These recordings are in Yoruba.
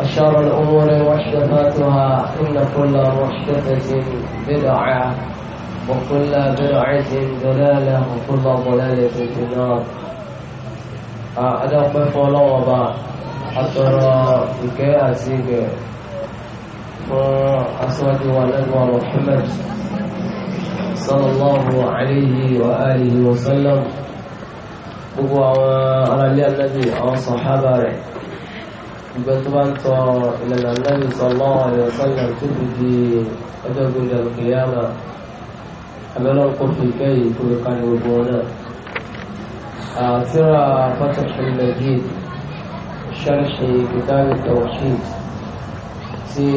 وشر الأمور محدثاتها إن كل محدثة بدعة وكل بدعة ضلالة وكل ضلالة في النار أدعو فلوبا أترى بكي أزيد وأسود ونبوى محمد صلى الله عليه وآله وسلم gbogbo على الذي ànábì àwọn ìgbà tó bá ń tọ ìlànà lẹ́yìn sọ́lọ́ ọ̀yọ́ sọ́lọ́ tó fi di ọjọ́ gbọdọ̀ kìyàmà abẹ́lẹ́ ọkọ̀ fi kẹ́yìn kó lè kárí gbogbo wọn náà. àtúrà Fathul Majid ṣẹ́rìṣì kìtàbí tawhid tí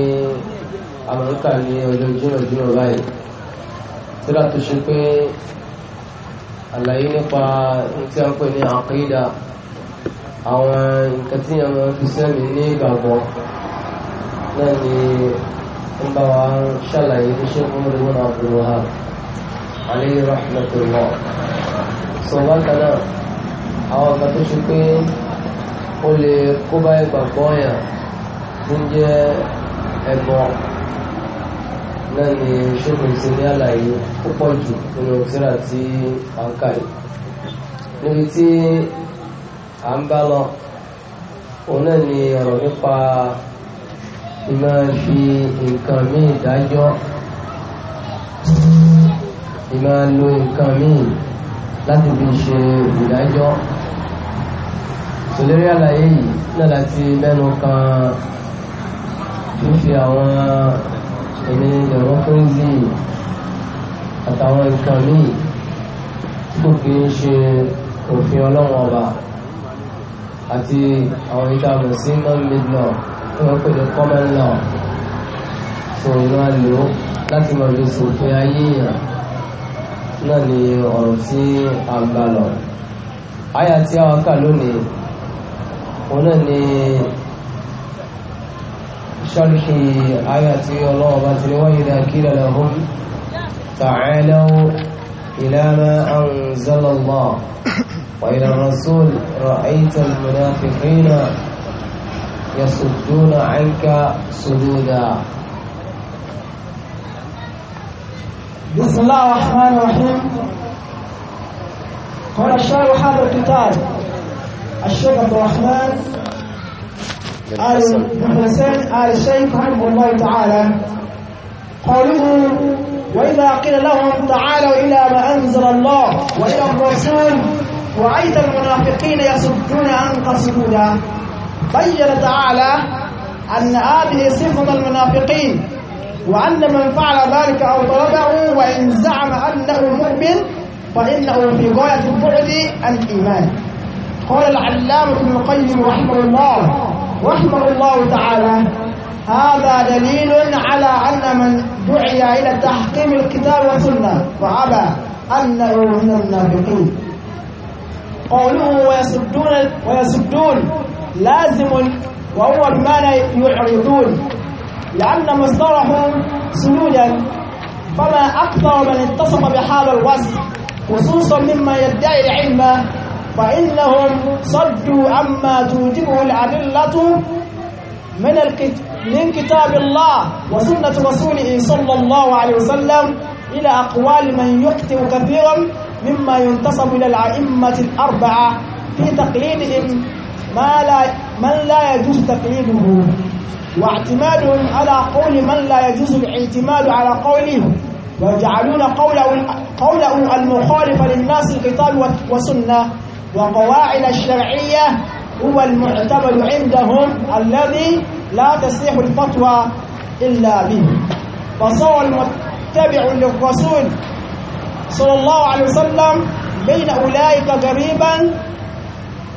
amẹ́ríkà ní ọjọ́ jíròjírò báyìí tíra tó ṣe pé àlàyé nípa tí a ń pè ní àkídà àwọn nǹkan tí àwọn kristiani ní ìgbàgbọ́ náà ni ń bá wa ṣàlàyé bí ṣe fún ìwọ̀n àbúrúhà alayhi rahmatullah sọ bákan náà àwọn nǹkan tó ṣe pé ó lè kó bá ìgbàgbọ́ yàn tó ń jẹ́ ẹ̀gbọ́n náà ni ṣókùn ti ní àlàyé púpọ̀ jù nínú tíra tí a ń kà yìí níbi tí à ń bá lọ òun náà ni ọ̀rọ̀ nípa ìmọ̀ fi nǹkan míì dájọ́ ìmọ̀ lo nǹkan míì láti fi ṣe ìdájọ́ ìlérí àlàyé yìí náà láti mẹ́nu kan fífi àwọn èmi ìdọ̀rọ̀ fúnzì àtàwọn nǹkan míì tí kò kí ń ṣe òfin ọlọ́wọ́n ọba àti àwọn ìta bọ̀ sí non-mid law tí wọ́n pè ní common law so ìwọ́n á lò ó láti mọ̀ lè sòfin ayé yàn náà ni ọ̀rọ̀ tí a ń bá lọ. àyà tí a wá kà lónìí òun náà ni ṣọ́lùkì àyà tí ọlọ́wọ́ bá ti rí wáyé dá kí lọ́la hum ta'alaw ila ma وإلى الرسول رأيت المنافقين يصدون عنك صدودا بسم الله الرحمن الرحيم قال شارح هذا الكتاب الشيخ عبد الرحمن آل بن حسين آل الشيخ رحمه الله تعالى قوله وإذا قيل لهم تعالوا إلى ما أنزل الله وإلى الرسول رأيت المنافقين يصدون عنك صدودا بين تعالى أن هذه صفة المنافقين وأن من فعل ذلك أو طلبه وإن زعم أنه مؤمن فإنه في غاية البعد عن الإيمان قال العلامة ابن القيم رحمه الله رحمه الله تعالى هذا دليل على أن من دعي إلى تحكيم الكتاب والسنة وأبى أنه من المنافقين قوله ويصدون ويصدون لازم وهو بمعنى يعرضون لأن مصدره سدودا فما أكثر من اتصف بحال الوصف خصوصا مما يدعي العلم فإنهم صدوا عما توجبه الأدلة من من كتاب الله وسنة رسوله صلى الله عليه وسلم إلى أقوال من يخطئ كثيرا مما ينتسب إلى الأئمة الأربعة في تقليدهم ما لا من لا يجوز تقليده واعتمادهم على قول من لا يجوز الاعتماد على قوله ويجعلون قوله قوله المخالف للناس الكتاب والسنة وقواعد الشرعية هو المعتمد عندهم الذي لا تصيح الفتوى إلا به فصار متبع للرسول صلى الله عليه وسلم بين أولئك قريبا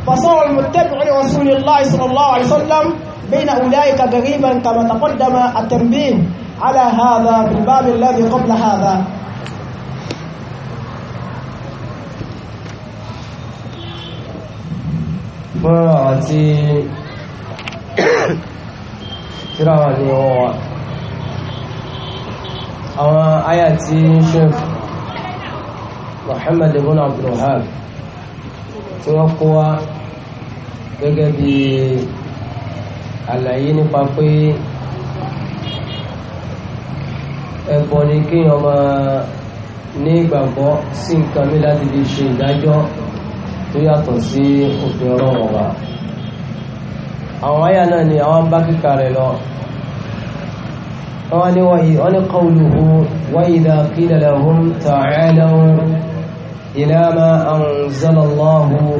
فصار المتبع لرسول الله صلى الله عليه وسلم بين أولئك قريبا كما تقدم التنبيه على هذا في الباب الذي قبل هذا فأتي àwọn àyà tí sheikh Muhammad ibn abdulwahab tí wọ́n kó wá gẹ́gẹ́ bí àlàyé nípa pé ẹbọ ni kéèyàn máa ní ìgbàgbọ́ sí nǹkan mi láti fi ṣe ìdájọ́ tó yàtọ̀ sí òfin ọlọ́run wa àwọn àyà náà ni àwọn bá kíkà rẹ̀ lọ قال قوله وإذا قيل لهم تعالوا إلى ما أنزل الله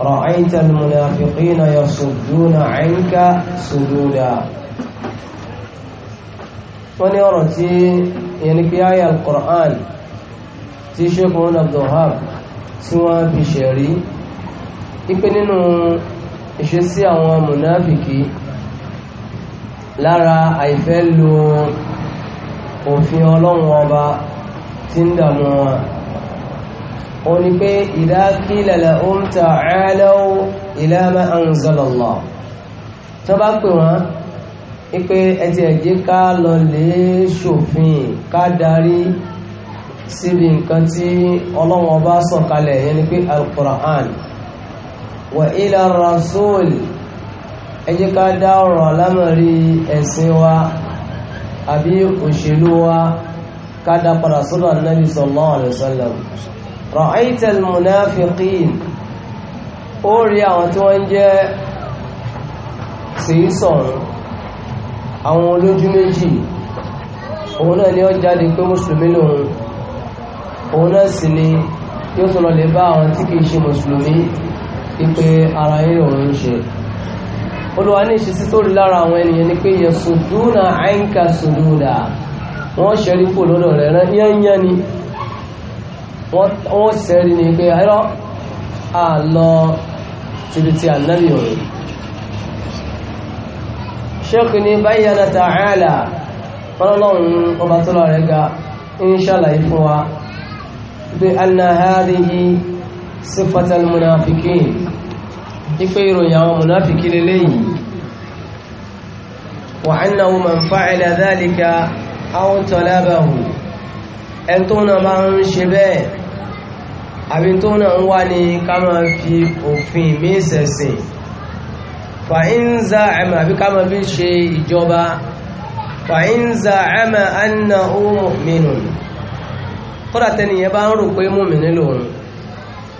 رأيت المنافقين يصدون عنك صدودا wọ́n ọ̀rọ̀ tí yẹni pé ayà al-Qur'an tí ṣekùn abdulhab tí wọ́n fi ṣẹ̀rí ipé nínú ìṣesí àwọn munafiki lára àìfẹ́ lo òfin ọlọ́run ọba tí ń dàmú wọn ó ní pé ìdákílẹ̀lẹ̀ ó ń ta ẹ́lẹ́wó ìlẹ́mẹ́ àǹzọ́lọ̀lọ̀ tó bá pè wọ́n ní pé ẹtì ẹ̀jẹ̀ ká lọ lè ṣòfin ká darí síbi nǹkan tí ọlọ́run ọba sọ̀kalẹ̀ yẹn ni pé al-Qur'an wa ila ẹ jẹ́ ká dá ọ̀rọ̀ alámọ̀rí ẹ̀sìn wa àbí òṣèlú wa ká dá padà sọ́dọ̀ anábì sallallahu alaihi wasallam ra'aita al-munafiqin ó rí àwọn tí wọ́n jẹ́ sí sọ̀rọ̀ yóò tún lè bá àwọn tí kìí ṣe mùsùlùmí ipe ara yìí ń ṣe olùwà ní ìṣesí tó rí lára àwọn ènìyàn ni pé yẹ̀sùdúnà àìǹkà sùdúdà wọ́n ṣẹ́rí kò lọ́dọ̀ rẹ̀ rán yányán ni wọ́n ṣẹ́rí ni pé ẹ̀rọ àlọ́ tìbìtì ànábì òun ṣéèkì ní báyìí ta'ala fọ́lọ́lọ́run ọba tó lọ rẹ̀ ga ń ṣàlàyé fún wa pé anna hadhihi sifatal munafiqin ipe ìròyìn àwọn munafiki lélẹ́yìn وأنه من فعل ذلك أو طلبه ẹn tó náà bá ń ṣe bẹ́ẹ̀ àbí tó náà ń wá ní ká máa fi òfin mí ìsẹ̀sìn fàínza ẹ̀mà àbí ká máa fi ṣe ìjọba fàínza ẹ̀mà ẹ̀nà ohun mìnú kódà tẹ́niyẹ bá ń rò pé mú mi nílò òun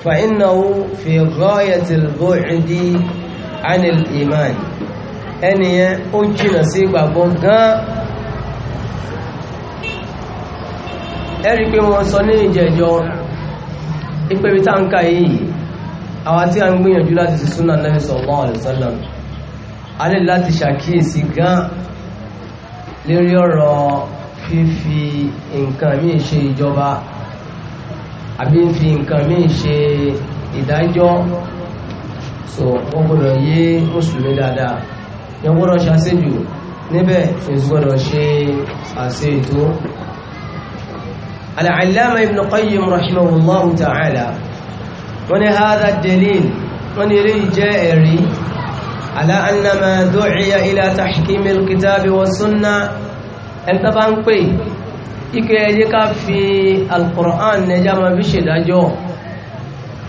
fàínà ó fi gọ́ọ̀yẹ̀ tìlbó ìdí anil imani ẹnìyẹn ó jìnà sí ìgbàgbọ́ gan ẹ̀rí pé wọ́n sọ ní ìjẹjọ́ ìpèbí táǹkà yìí àwọn tí a ń gbìyànjú láti sí súnà Nábì sallallahu alaihi wasallam a lè láti ṣàkíyèsí gan lérí ọ̀rọ̀ fífi nǹkan míì ṣe ìjọba àbí ń fi nǹkan míì ṣe ìdájọ́ so wọ́n gbọ́dọ̀ yé mùsùlùmí dáadáa yẹn gbọ́dọ̀ ṣe àṣejù níbẹ̀ èso gbọ́dọ̀ ṣe àṣejù. العلامة ابن قيم رحمه الله تعالى وني هذا الدليل وني لي جائري على أن ما دعي إلى تحكيم الكتاب والسنة أنت بانكوي ike ẹyẹ ká fi alkùrán nẹjá ma fi ṣèdájọ́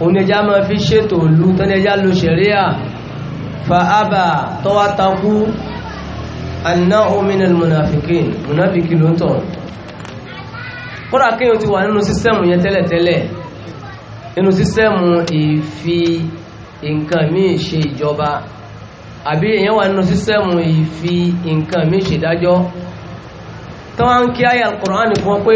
òun nẹjá ma fi ṣètò ìlú tó nẹjá lo ṣẹ̀ríà fa'aba tó wá takú annáhu minal munafikin munafiki ló ń ti wa n'inu sísẹ́mù yẹn tẹ́lẹ̀tẹ́lẹ̀ nínú sísẹ́mù ìfi nǹkan míì ṣe ìjọba àbí èyàn wà nínú sísẹ́mù ìfi nǹkan míì ṣèdájọ́ tó wá ń kí àyà Al-Qur'an fún pé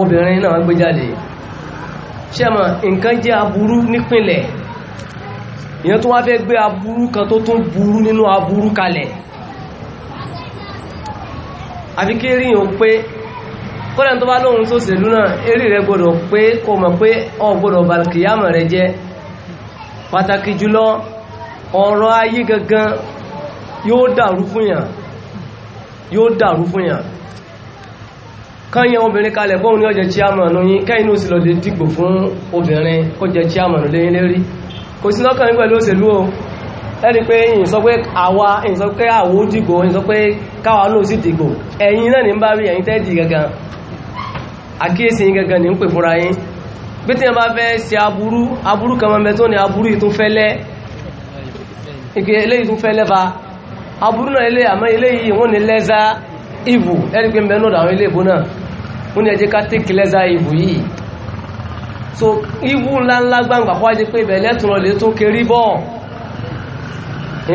obìnrin náà gbé jáde ṣẹ́mọ̀ nǹkan jẹ́ aburú nípìnlẹ̀ ìyẹn tó wá fẹ́ gbé aburú kan tó tún burú nínú aburú kalẹ̀ àfi kí rí yàn pé kọ́lẹ̀ tó bá lóhun tó sèlú náà eré rẹ gbọdọ̀ pé kò mọ̀ pé o gbọdọ̀ balùkìyàmọ̀ rẹ jẹ́ pàtàkì jùlọ ọ̀rọ̀ ayé gangan yóò dàrú fún yàn yóò dàrú fún yàn kányẹ obìnrin kalẹ̀ bóun ní ọjọ́ chairman yín kẹ́yìn dị sì dìgbò fún obìnrin kó jẹ chairman léyìn lérí kò sí lọ́kàn yín o ẹni pé ìyìn sọ pé àwa ìyìn sọ pé àwo dìgbò ìyìn sọ pé káwa náà sì dìgbò ẹ̀yin náà ní bá rí ẹ̀yin tẹ́ẹ̀dì gangan àkíyèsí yín gangan ní ń pè fúnra yín bí tí wọ́n bá fẹ́ ṣe aburú aburú kan máa ń bẹ tó ní aburú wọ́n ní ẹjẹ́ ká tẹ́kì lẹ́sà ìbò yìí so ibú ńláńlá gbangba kó wájú pé ibẹ̀ lẹ́tùn lọ lè tún kiri bọ́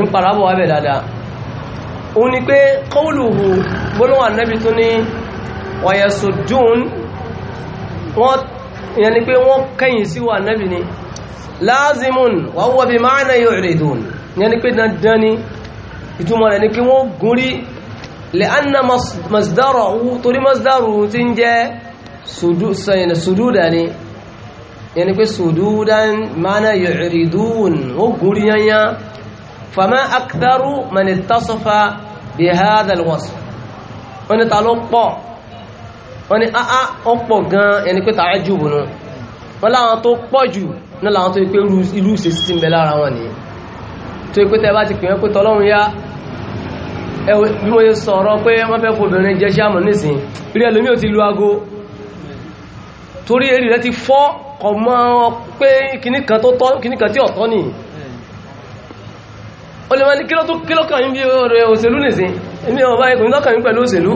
ń parabọ̀ wábẹ̀ dáadáa ó ní pé kọ́wùlùhù gbólóhùn ànábì tún ní wàyẹ̀sùdùn wọ́n ni pé wọ́n kẹ́yìn sí wà ànábì ni láàzìmùn wà wọ́bí máa náà yóò rèdùn ìyẹn ni pé dandan ni ìtumọ̀ rẹ̀ ni pé wọ́n gúnrí لأن مصدره torí مصدره tí ń jẹ́ sùdúdàní yẹni pé sùdúdàn mana yu'ridun ó gúrí yányá fama aktharu man ittasafa bi hadha al-wasf wọ́n ni ta ló pọ̀ wọ́n ni a ó pọ̀ gan yẹni pé ta'ajjub nù wọ́n láwọn tó pọ̀ jù náà láwọn tó pé irú ìsẹsí ti ń bẹ lára wọn ni tó pé tẹ́ bá ti pè wọ́n pé tọ́lọ́run yá bí wọ́n yẹ sọ̀rọ̀ pé wọ́n fẹ́ fòbìnrin jẹ́ ṣáàmù nísìn rí ẹlòmí ò ti lu aago torí eré rẹ ti fọ́ ọmọ pé kìníkan tí ọ̀tọ́ nì o lè máa ní kílọ́ tó kílọ́ kàn yín bí ọ̀rẹ́ òṣèlú nìsìn èmi ọba ikùn lọ́kàn yín pẹ̀lú òṣèlú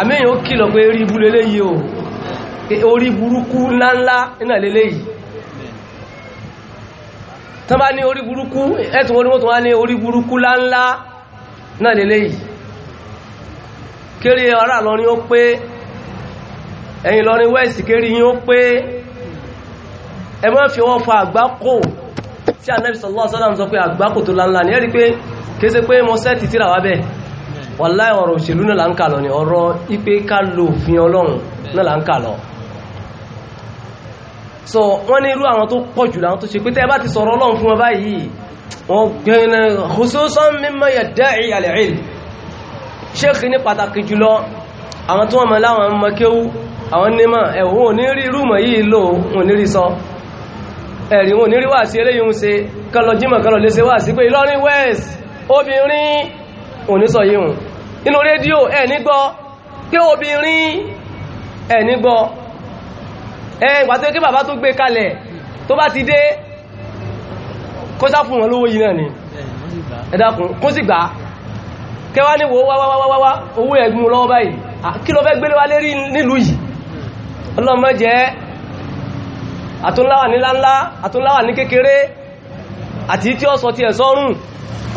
àmẹ́yìn ó kìlọ̀ o orí burúkú ńláńlá náà leléyìí ní orí burúkú ẹ̀tùn orí mọ́tún wá ní orí burúkú ńláńlá náà lélẹ́ yìí kéré ará lọrin ó pé ẹ̀yìn lọrin wẹ́ẹ̀sì kéré yìí ó pé ẹ má fi wọ́n fa àgbákò tí Ànábì sallallahu alaihi wasallam sọ pé àgbákò tó láńlá ní ẹ́rí pé kése pé mọ́ sẹ́ẹ̀tì tíra wá bẹ́ẹ̀ wàláhì ọ̀rọ̀ òṣèlú náà láńkà lọ ni ọ̀rọ̀ ipé ká lo òfin ọlọ́run náà láńkà lọ so wọ́n ní irú àwọn tó pọ̀ jù láwọn tó ṣe pé tẹ́ bá ti sọ̀rọ̀ ọlọ́run fún wọn báyìí wọ́n gbẹ́nà khususan mimma yadda'i al-ilm sheikh ní pàtàkì jùlọ àwọn tí wọ́n mọ̀ láwọn mọ́kéwú àwọn nímọ̀ ẹ̀wọ̀n ò ní rí rúmọ̀ yìí lò wọn ní rí sọ ẹ̀rí wọn ní rí wà sí eléyìn ṣe kọlọ jímọ̀ kọlọ lè ṣe wà sí pé Ìlọrin west obìnrin ò ní sọ yìí hùn inú rédíò ẹ̀ nígbọ́ pé obìnrin ẹ̀ nígbọ́ ẹ̀ ìgbà tó kí bàbá tó gbé kalẹ̀ tó bá ti dé kọ́sá fún wọn lówó yìí náà ni ẹ̀dàkùn kún sí gbà kẹwa wáwáwáwá owó ẹgbùn lọ́wọ́ báyìí kí lọ fẹ́ gbélé lérí nílùú yìí ọlọ́mọ jẹ́ àtúnláwà ní láńlá àtúnláwà ní kékeré àti tí ti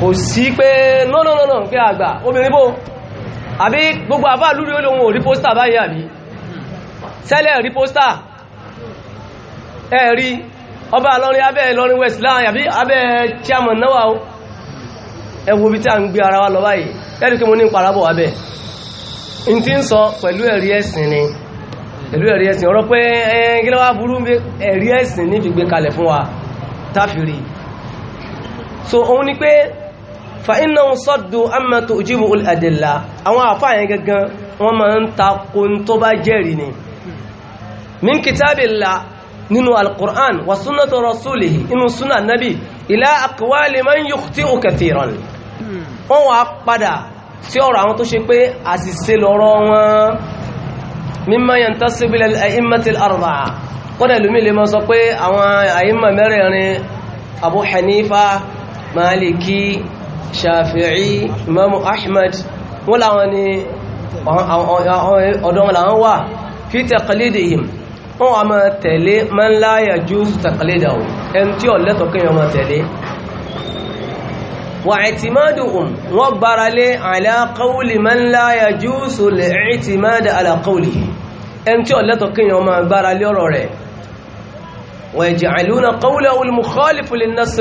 kò sí pé nọ́nọ́nọ́nà pé àgbà obìnrin àbí gbogbo àbá lúrí ò rí báyìí àbí sẹ́lẹ̀ rí ọba lọ́rin abẹ́ lọ́rin west láàrin àbí abẹ́ chairman náwà ó ẹwọ bí tí a ń gbé ara wa lọ báyìí ẹ̀rí kí mo ní parabọ̀ abẹ́ n tí ń sọ pẹ̀lú ẹ̀rí ẹ̀sìn ni pẹ̀lú ẹ̀rí ẹ̀sìn ọ̀rọ̀ pé kí lọ́wọ́ burú ẹ̀rí ẹ̀sìn ní fi gbé kalẹ̀ fún wa táfìrí min kitabillah nínú alkùrán wà súnà tó rọ̀súlì inú súnà nábì ilá àkọwàlì man yukhti'u kathiran hmm. wọ́n wà padà sí ọ̀rọ̀ àwọn tó ṣe pé àṣìṣe lọ́rọ̀ wọn mimma yantasibu lil a'immatil arba'a kọ́dà lómi lè mọ́ sọ pé àwọn àìmà mẹ́rẹ̀ẹ̀rin abu hanifa maliki shafi'i imam ahmad wọ́n làwọn ni ọ̀dọ́ wọn làwọn fi taqlidihim wọ́n wà máa tẹ̀lé man la yajuzu taqliduhu ẹni tí ó lẹ́tọ̀ọ́ kéèyàn máa tẹ̀lé wà i'timaduhum wọ́n gbára lé ala qawli man la yajuzu al-i'timad ala qawlihi ẹni tí ó lẹ́tọ̀ọ́ kéèyàn máa gbára lé ọ̀rọ̀ rẹ̀ wa yaj'aluna qawlahu al-mukhalifu lin-nass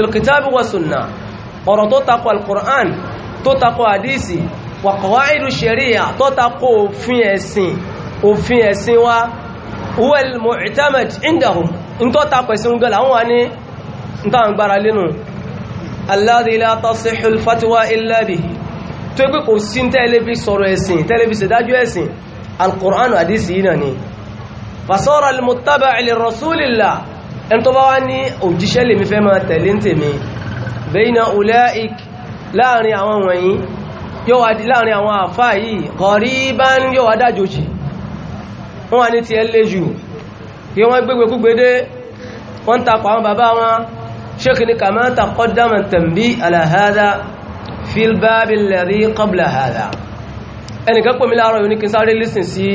wal mu'tamad indahum ń tọ́ ta pẹ̀sìn gan làwọn wà ní ń tàwọn gbára lẹ́nu alladhi la tasihhu al-fatwa illa bihi tó pé kò sí tẹ́lẹ́bí sọ̀rọ̀ ẹ̀sìn tẹ́lẹ́bí ṣèdájú ẹ̀sìn alkùránù àdísì yìí náà ni fasọ́ra alìmọ̀tàbà ilẹ̀ rọ̀súlìlà ẹn tó bá wá ní wọ́n wà ní ti ẹlẹ́ jù kí wọ́n gbégbé kúgbédé wọ́n takọ àwọn bàbá wọn ṣékì ní kàmá takọ dámà tàbí aláhádá fílbábìlẹ̀rí kọbla hádá ẹnìkan pè mí láàárọ̀ yóò ní kí n sáré lísìn sí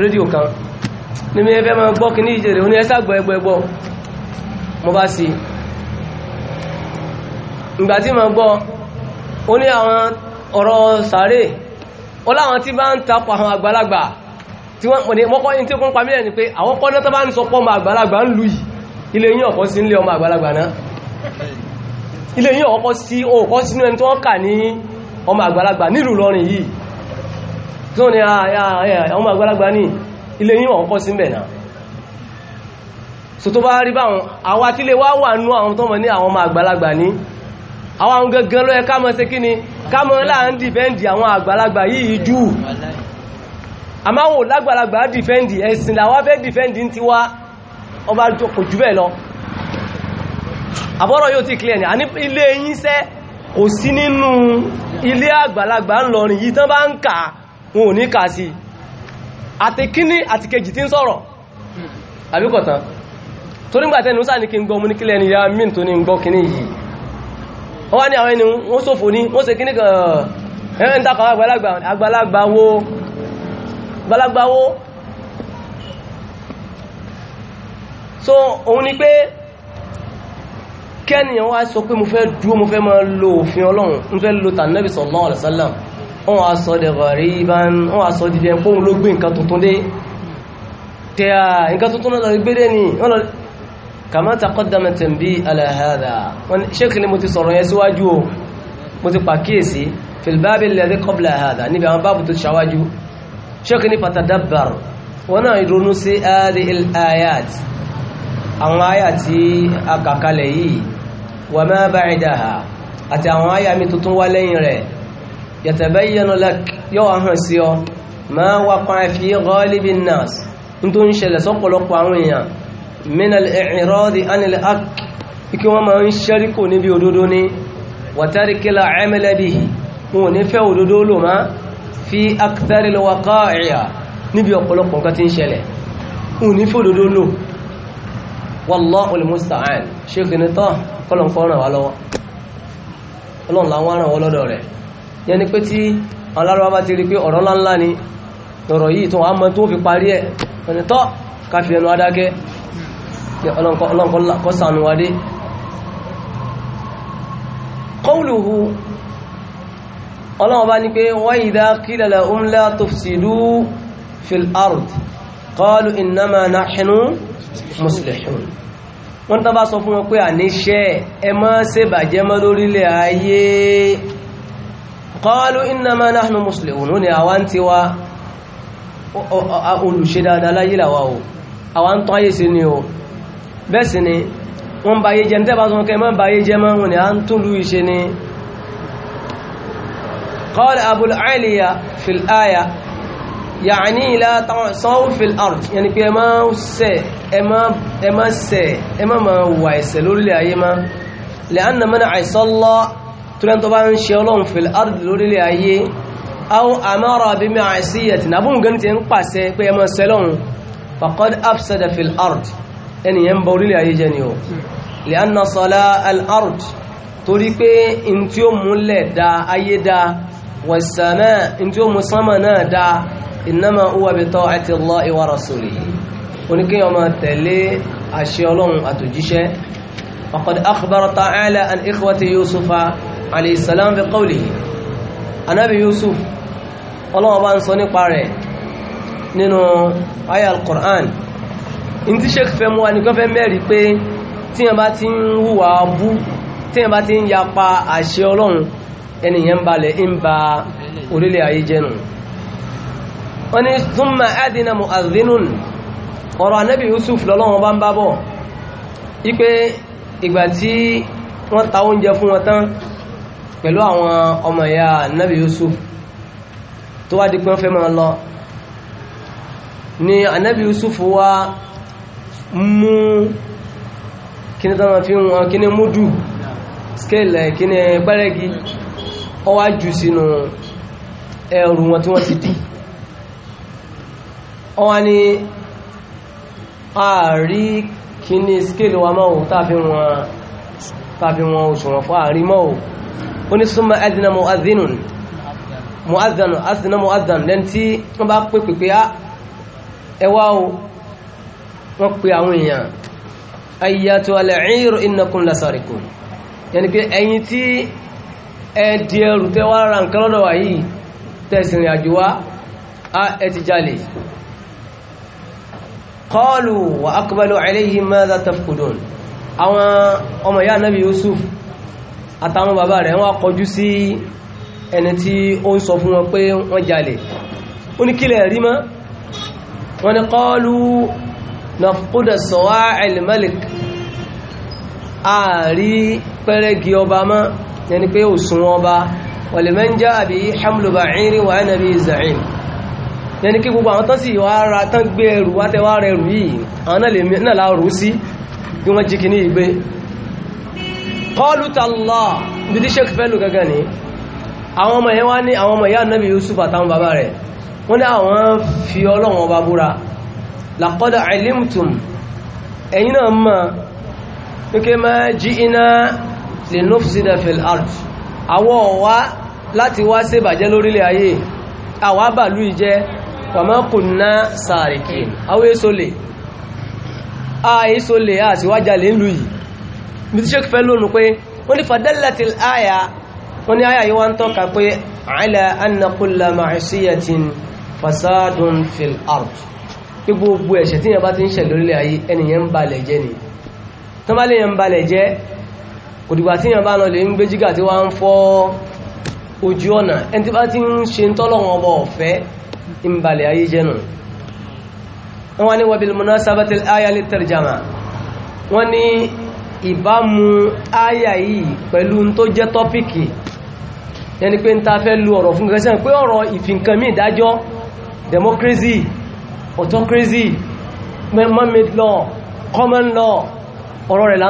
rédíò kan ní mi ẹfẹ́ máa gbọ́ kí ní ìjẹ̀rẹ̀ ó ní ẹsà gbẹ́gbẹ́gbọ́ mo bá sí ìgbà tí máa gbọ́ ó ní àwọn ọ̀rọ̀ sáré ó láwọn tí bá ń takọ àwọn àgbàlagbà tí wọ́n ní mọ́kọ́ ní tí ó kún pàmílẹ̀ ni pé àwọn kọ́dọ́ tó bá ń sọ pọ́ ọmọ àgbàlagbà ń lù yìí ilé yín ọ̀kọ́ sí ilé ọmọ àgbàlagbà náà ilé yín ọ̀kọ́ sí òkọ́ sínú ẹni tó ń kà ní ọmọ àgbàlagbà nílùú lọrin yìí tó ní ah, ah, ah, eh, ọmọ àgbàlagbà ní ilé yín ọ̀kọ́ sí mbẹ̀ náà so tó bá rí báwọn àwa tí lè àmáwò lágbàlagbà dìfẹ́ndì ẹ̀sìn làwọn fẹ́ dìfẹ́ndì ń ti wá ọba kò jù bẹ́ẹ̀ lọ àbọ́rọ̀ yóò ti clear ní ilé yín sẹ́ kò sí nínú ilé àgbàlagbà ńlọrin yìí tán bá ń kà wọn ò ní kà sí àti kíní àti kejì tí ń sọ̀rọ̀ àbíkọ̀tán tó nígbà tẹ́nu sáà ní kí ń gbọ́ mú ní kílẹ̀ ni ya mín tó ní ń gbọ́ kíní yìí wọ́n wá ní àwọn ẹni wọ́n sófò ní wọ́n ṣe kíní kan ẹ̀rẹ́ ń takọ̀ àgbàlagbà wo balagbawó so òun ni pé kẹ́nìyàn wá sọ pé mo fẹ́ dúó mo fẹ́ máa lo òfin ọlọ́run mo fẹ́ lo tànẹ́bì sallallahu alaihi wasallam wọ́n wá sọ dẹ̀rọ̀ rí bá ń wọ́n wá sọ dìde pọ́n ló gbé nǹkan tuntun dé tẹ́ à nǹkan tuntun náà lọ gbé dé ní wọ́n lọ kama taqaddama tanbi ala hadha wọ́n ṣékì ni mo ti sọ̀rọ̀ yẹn síwájú o mo ti pàkíyèsí fil babil ladhi níbi àwọn báàbù tó ṣáwájú ṣẹ́kì ní fatadabbar wọn náà ronú sí adil ayat àwọn ayà tí a kàkalẹ̀ yìí wa ma ba'idaha àti àwọn ayà mi tuntun wá lẹ́yìn rẹ̀ yatabayyanu lak yóò hàn sí ọ ma waqa fi ghalibin nas n tó ń ṣẹlẹ̀ sọ́pọ̀lọpọ̀ àwọn èèyàn ní fẹ́ òdodo lò máa fi akitari lọ waka ẹ̀yà níbi ọ̀pọ̀lọpọ̀ nǹkan tí ń ṣẹlẹ̀ òun ní fòdòdó lò wallahu almusta'an ṣe kìíní tán kọlọ̀n fọ́ràn wá lọ́wọ́ ọlọ́run láwọn ràn wọ́n lọ́dọ̀ rẹ̀ yẹn ni pé tí alárọ̀wá bá ti rí pé ọ̀rọ̀ ńláńlá ni lọ̀rọ̀ yìí ọlọ́wọ́ bá ní pé wa idha qila lahum la tufsidu fil ard qalu innama nahnu muslihun wọ́n tán bá sọ fún wọn pé àníṣẹ́ ẹ má ṣe bàjẹ́ mọ́ lórílẹ̀ ayé qalu innama nahnu muslihun ní àwa ń ti wá olùṣe dáadáa láyé làwà o àwa ń tán ayé sí ni o bẹ́ẹ̀ sì ni wọ́n bá yé jẹ́ ní tẹ́ bá sọ kẹ́ mọ́ bá yé jẹ́ mọ́ wọn ni à ń tún lú ìṣe ni قال أبو العالية في الآية يعني لا تعصوا في الأرض يعني كي ما سي إما إما سي إما ما هو يسلول لي أيما لأن من عصى الله تلان طبعا شيلون في الأرض لولي لي أيه أو أمر بمعصية أبو مغنت ينقاسي كي ما سلون فقد أفسد في الأرض يعني ينبو لي أيه جنيو لأن صلاة الأرض torí pé in tí ó múlẹ̀ da ayé da wàsàmẹ́ tí ó mú sánmà náà dá innama huwa bi ta'ati Allahi wa rasulihi oníkéyàn máa tẹ̀lé àṣẹ ọlọ́run àtòjíṣẹ́ وقد أخبر تعالى عن إخوة يوسف عليه السلام بقوله النبي يوسف الله أبان صني قاري نينو آية القرآن انت شك فمو أن يكون فمي ريبي tí ẹ̀bá ń hùwà ẹniyàn balẹ̀ ń ba orílẹ̀ ayé jẹ́nu wọ́n ni thumma adina mu'adhdhinun ọ̀rọ̀ anábì yusuf lọ́lọ́wọ́n bá ń bá bọ̀ ipé ìgbà tí wọ́n ta oúnjẹ fún wọn tán pẹ̀lú àwọn ọmọ ìyá anábì yusuf tó wá di pé wọ́n fẹ́ máa lọ ni anábì yusuf wá mú kíní tán fi ń kíní múdù scale kíní pẹ́rẹ́gì ọ wá jù sínú ẹrù wọn tí wọ́n ti dì ọ wá ní ààrí kíní scale wa máa wò tàbí wọn tàbí wọn òṣùwọ̀n fún ààrí mọ́ ò ní súnmọ́ adìnà mu'adhinun mu'adhanu adìnà mu'adhan lẹ́ni tí wọ́n bá pè pèpè ẹwà o wọ́n pè àwọn èèyàn ayyatu al-'ir innakum lasariqun yẹni pé ẹ̀yin tí ẹ̀ẹ́dì ẹrù tẹ́ wá ra nǹkan lọ́dọ̀ wà yìí tẹ́sìnrìn àjò wá ẹ ti jalè qalu wa aqbalu alayhi madha tafqudun àwọn ọmọ ìyá anábì Yusuf àtàwọn bàbá rẹ̀ wọ́n kọjú sí ẹni tí ó sọ fún wọn pé wọ́n jalè ó rí mọ́ wọ́n ni qalu nafqudu sawa'a al ààrí pẹ́rẹ́gì ọba mọ́ yẹni pé òsùn wọn bá wàlẹ̀mẹ́n já àbí hamlu ba'irin wà ánàbí za'im yẹni kí gbogbo àwọn tán sì wá ara tán gbé ẹrù wá tẹ́wà rẹ̀ rù yìí àwọn náà láàrù sí bí wọ́n jí kìíní ìgbé qalu tallah bí tí ní àwọn ọmọ ìyá ànábì Yusuf ní kí máa jí iná lè nufsida fil ard àwọn ọ̀wá láti wá sí ìbàjẹ́ lórílẹ̀ ayé àwá bàlú ìjẹ́ wàmọ́kùnná sàrìkì àwọn èso lè àìsò lè àtiwájà lè ń lù yìí bí tí ṣékù fẹ́ lónìí pé wọ́n ní fàdálàtì àyà wọ́n ní àyà yíwá ń tọ́ka pé àìlà annakulla tí yẹn bá ti ń balẹ̀ jẹ́ ni tán bá lè yẹn balẹ̀ jẹ́ kò dìgbà tí yàn bá lọ lè ń gbé jígà tí wọ́n ń fọ́ ojú ọ̀nà ẹni tí bá ti ń ṣe ń tọ́lọ́wọ́n ọba ọ̀fẹ́ ń ayé jẹ́nu wọ́n ní wabil munasabatil aya li tarjama wọ́n ní ìbámu aya yìí pẹ̀lú tó jẹ́ tọ́pìkì yẹni pé ń ta fẹ́ lu ọ̀rọ̀ fún gẹ́gẹ́sẹ́ pé ọ̀rọ̀ democracy autocracy government law common law ọ̀rọ̀ rẹ̀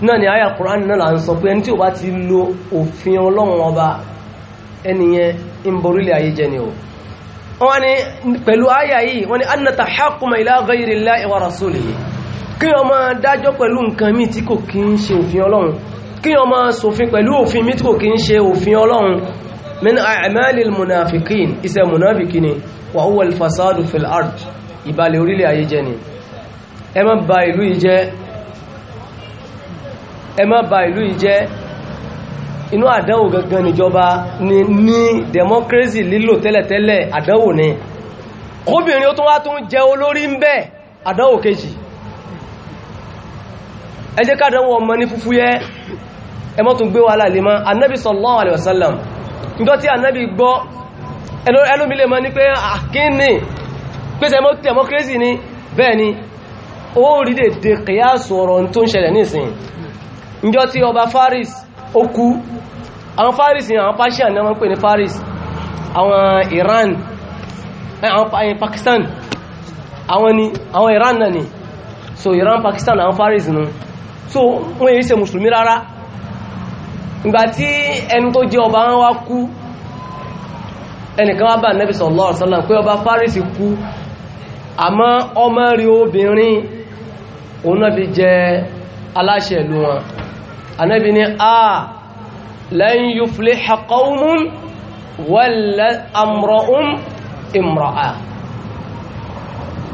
náà ni àyà Kùránì náà là ń sọ pé ẹni tí ò bá ti lo òfin ọlọ́run ọba ẹnìyẹn ń borílẹ̀ ayé jẹ ni o wọ́n ní pẹ̀lú àyà yìí wọ́n ní annata hakuma ila ghayri Allahi wa rasulihi kí wọ́n máa dájọ́ pẹ̀lú nǹkan míì tí kò kí ń ṣe òfin ọlọ́run kí wọ́n máa ṣòfin pẹ̀lú òfin míì tí kò ìlú yìí ẹ má ba ìlú yìí jẹ́ inú àdánwò gangan níjọba ní ní democracy lílò tẹ́lẹ̀tẹ́lẹ̀ àdánwò ni kóbìnrin ó tún wá tún jẹ olórí ń bẹ àdánwò kejì ẹ jẹ́ kádánwò ọmọ ní fúfú yẹ́ ẹ mọ́ tún gbé wa láàlè mọ́ anábì sallallahu alaihi wasallam nígbọ́ tí anábì gbọ́ ẹlòmílẹ̀ mọ́ ní pé àkíní pèsè mọ́ democracy ni ni ó njọ́ tí ọba faris ó kú àwọn faris ni àwọn persian náà wọ́n pè ní faris àwọn iran eh, eh, pakistan àwọn iran náà ni so iran pakistan àwọn faris nù so wọ́n yìí ṣe mùsùlùmí rárá ìgbà tí ẹni tó ọba wá kú ẹnìkan wá bá nẹ́bí ọba faris kú àmọ́ ọmọ rí obìnrin òun náà fi jẹ aláṣẹ anábi ni a lan yufliha qawmun wala amra'un imra'a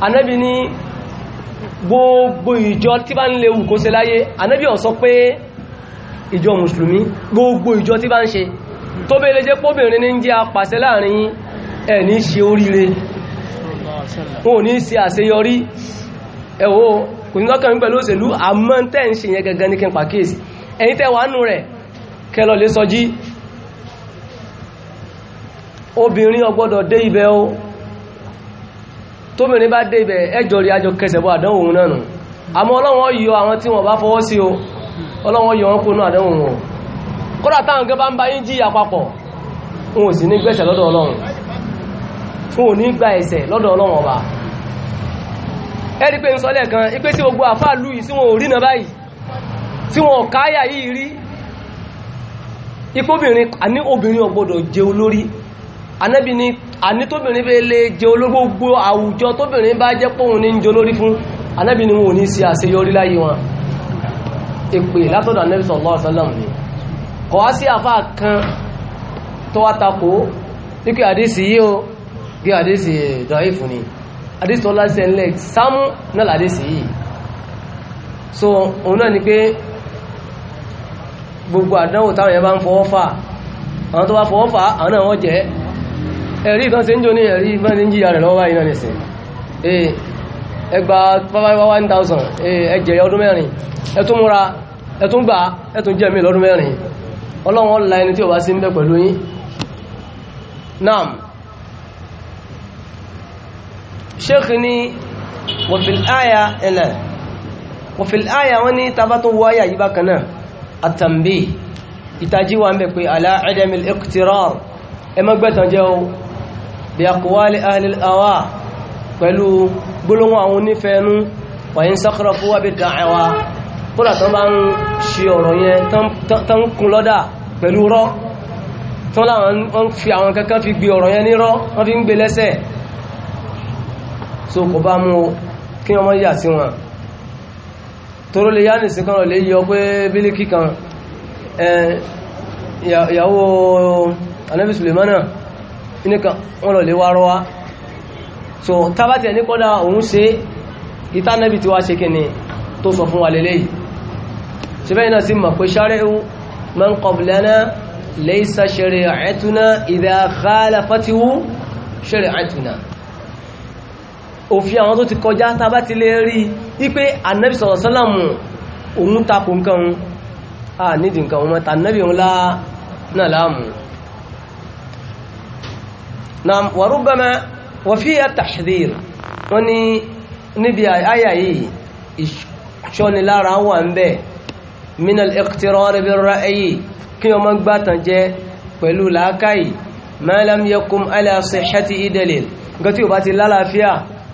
anábi ni gbogbo ìjọ tí bá ń léwu kó ṣe láyé anábi ó sọ pé ìjọ mùsùlùmí gbogbo ìjọ tí bá ń ṣe tó bẹ́ẹ̀ jẹ́ pọ́bìnrin ní jẹ́ apàṣẹ láàrin ẹ̀ ní ṣe oríire wọn ò ní ṣe àṣeyọrí ẹ̀wọ́ kò ní lọ́kàn pẹ̀lú òṣèlú àmọ́ tẹ́ ń ṣe yẹn gẹ́gẹ́ ní kí ẹ̀yin tẹ́ wà nù rẹ̀ kẹlọ lè sọjí obìnrin ọgbọ́dọ̀ dé ibẹ̀ o tóbìnrin bá dé ibẹ̀ ẹjọ́ rí ajọ kẹsẹ̀ bọ́ àdánwò òun náà nù àmọ́ ọlọ́wọ́n yọ àwọn tí wọ́n bá fọwọ́ sí o ọlọ́wọ́n yọ kónú ń ẹ̀rí pé ń sọ lẹ́ẹ̀kan ipé sí tí wọn káyà yìí rí ipóbìnrin àní obìnrin ọgbọ́dọ̀ jẹ olórí anẹ́bì ni àní tóbìnrin bẹ́ lè jẹ ológbogbo àwùjọ tóbìnrin bá jẹ́ pòun ní jẹ olórí fún anẹ́bì ni wọn ò ní sí àṣeyọrí láyé wọn èpè látọ̀dọ̀ anẹ́bì sallallahu alaihi wasallam ni kọ̀ wá sí àfáà kan tó wá takò wípé àdísì yìí o bí àdísì dọ̀ífù ni àdísì tó lásẹ̀ ńlẹ̀ sámú náà làdísì yìí so òun náà ni pé gbogbo àdánwò táwọn yẹn bá ń fọwọ́ fà àwọn tó bá fọwọ́ fà àwọn náà wọ́n jẹ́ ẹ̀rí ìtàn ṣe ń jó ní ẹ̀rí bá ní jíyà rẹ̀ lọ́wọ́ báyìí náà nìsín ẹgbà five one thousand ẹjẹ̀ ọdún mẹ́rin ẹtún múra ẹtún gbà ẹtún jẹ́ mi lọ́dún mẹ́rin ọlọ́run la ẹni tí ò bá sí ń bẹ pẹ̀lú yín naam sheikh wọ̀fìl áyà ẹ̀nà wọ̀fìl áyà wọ́n ní tabató wọ́ yìí bákan àtàmbí ìtají wa ń bẹ̀ pé aláàdẹ́mì iqtirar ẹ má gbẹ̀tàn jẹ́ o bí àkọwálẹ̀ ahìlẹ̀lẹ́wà pẹ̀lú gbólóhùn àwọn onífẹ́ẹnú wàyín sọ́kọ̀rọ̀ fún wábí dáẹwà kódà tán bá ń ṣe ọ̀rọ̀ yẹn tán kún lọ́dà pẹ̀lú rọ́ tán láwọn fi àwọn tóró lè yá nìsí kan lè yọ pé bílíkì kan ìyàwó e, anábì Sùlèmánà nìkan wọ́n lọ lè wá rọ́wá so tábàtì ẹni e kọ́dá òun ṣe ìta anábì tí wá ṣe kìnnì tó sọ fún wa lélẹ́yìí ṣe bẹ́yìn náà sí mọ̀ pé shari'u man qablana laysa shari'atuna idha khalafatuhu shari'atuna òfin àwọn tó ti kọjá tàbá ti lè rí wípé annabi sọ̀rọ̀ sọ́làmù òun takò nǹkan òun a nídi nǹkan òun mọ́ta annabi òun náà láàmù na wa rubbama wa fiha tahdhir wọ́n ní níbi àyà yìí ìṣọ́nilára wà ń bẹ̀ minal iqtirar bir ra'yi kí wọ́n máa gbàtàn jẹ pẹ̀lú làákàyè ma lam yakum ala sihhati dalil nǹkan tí ò bá ti lálàáfíà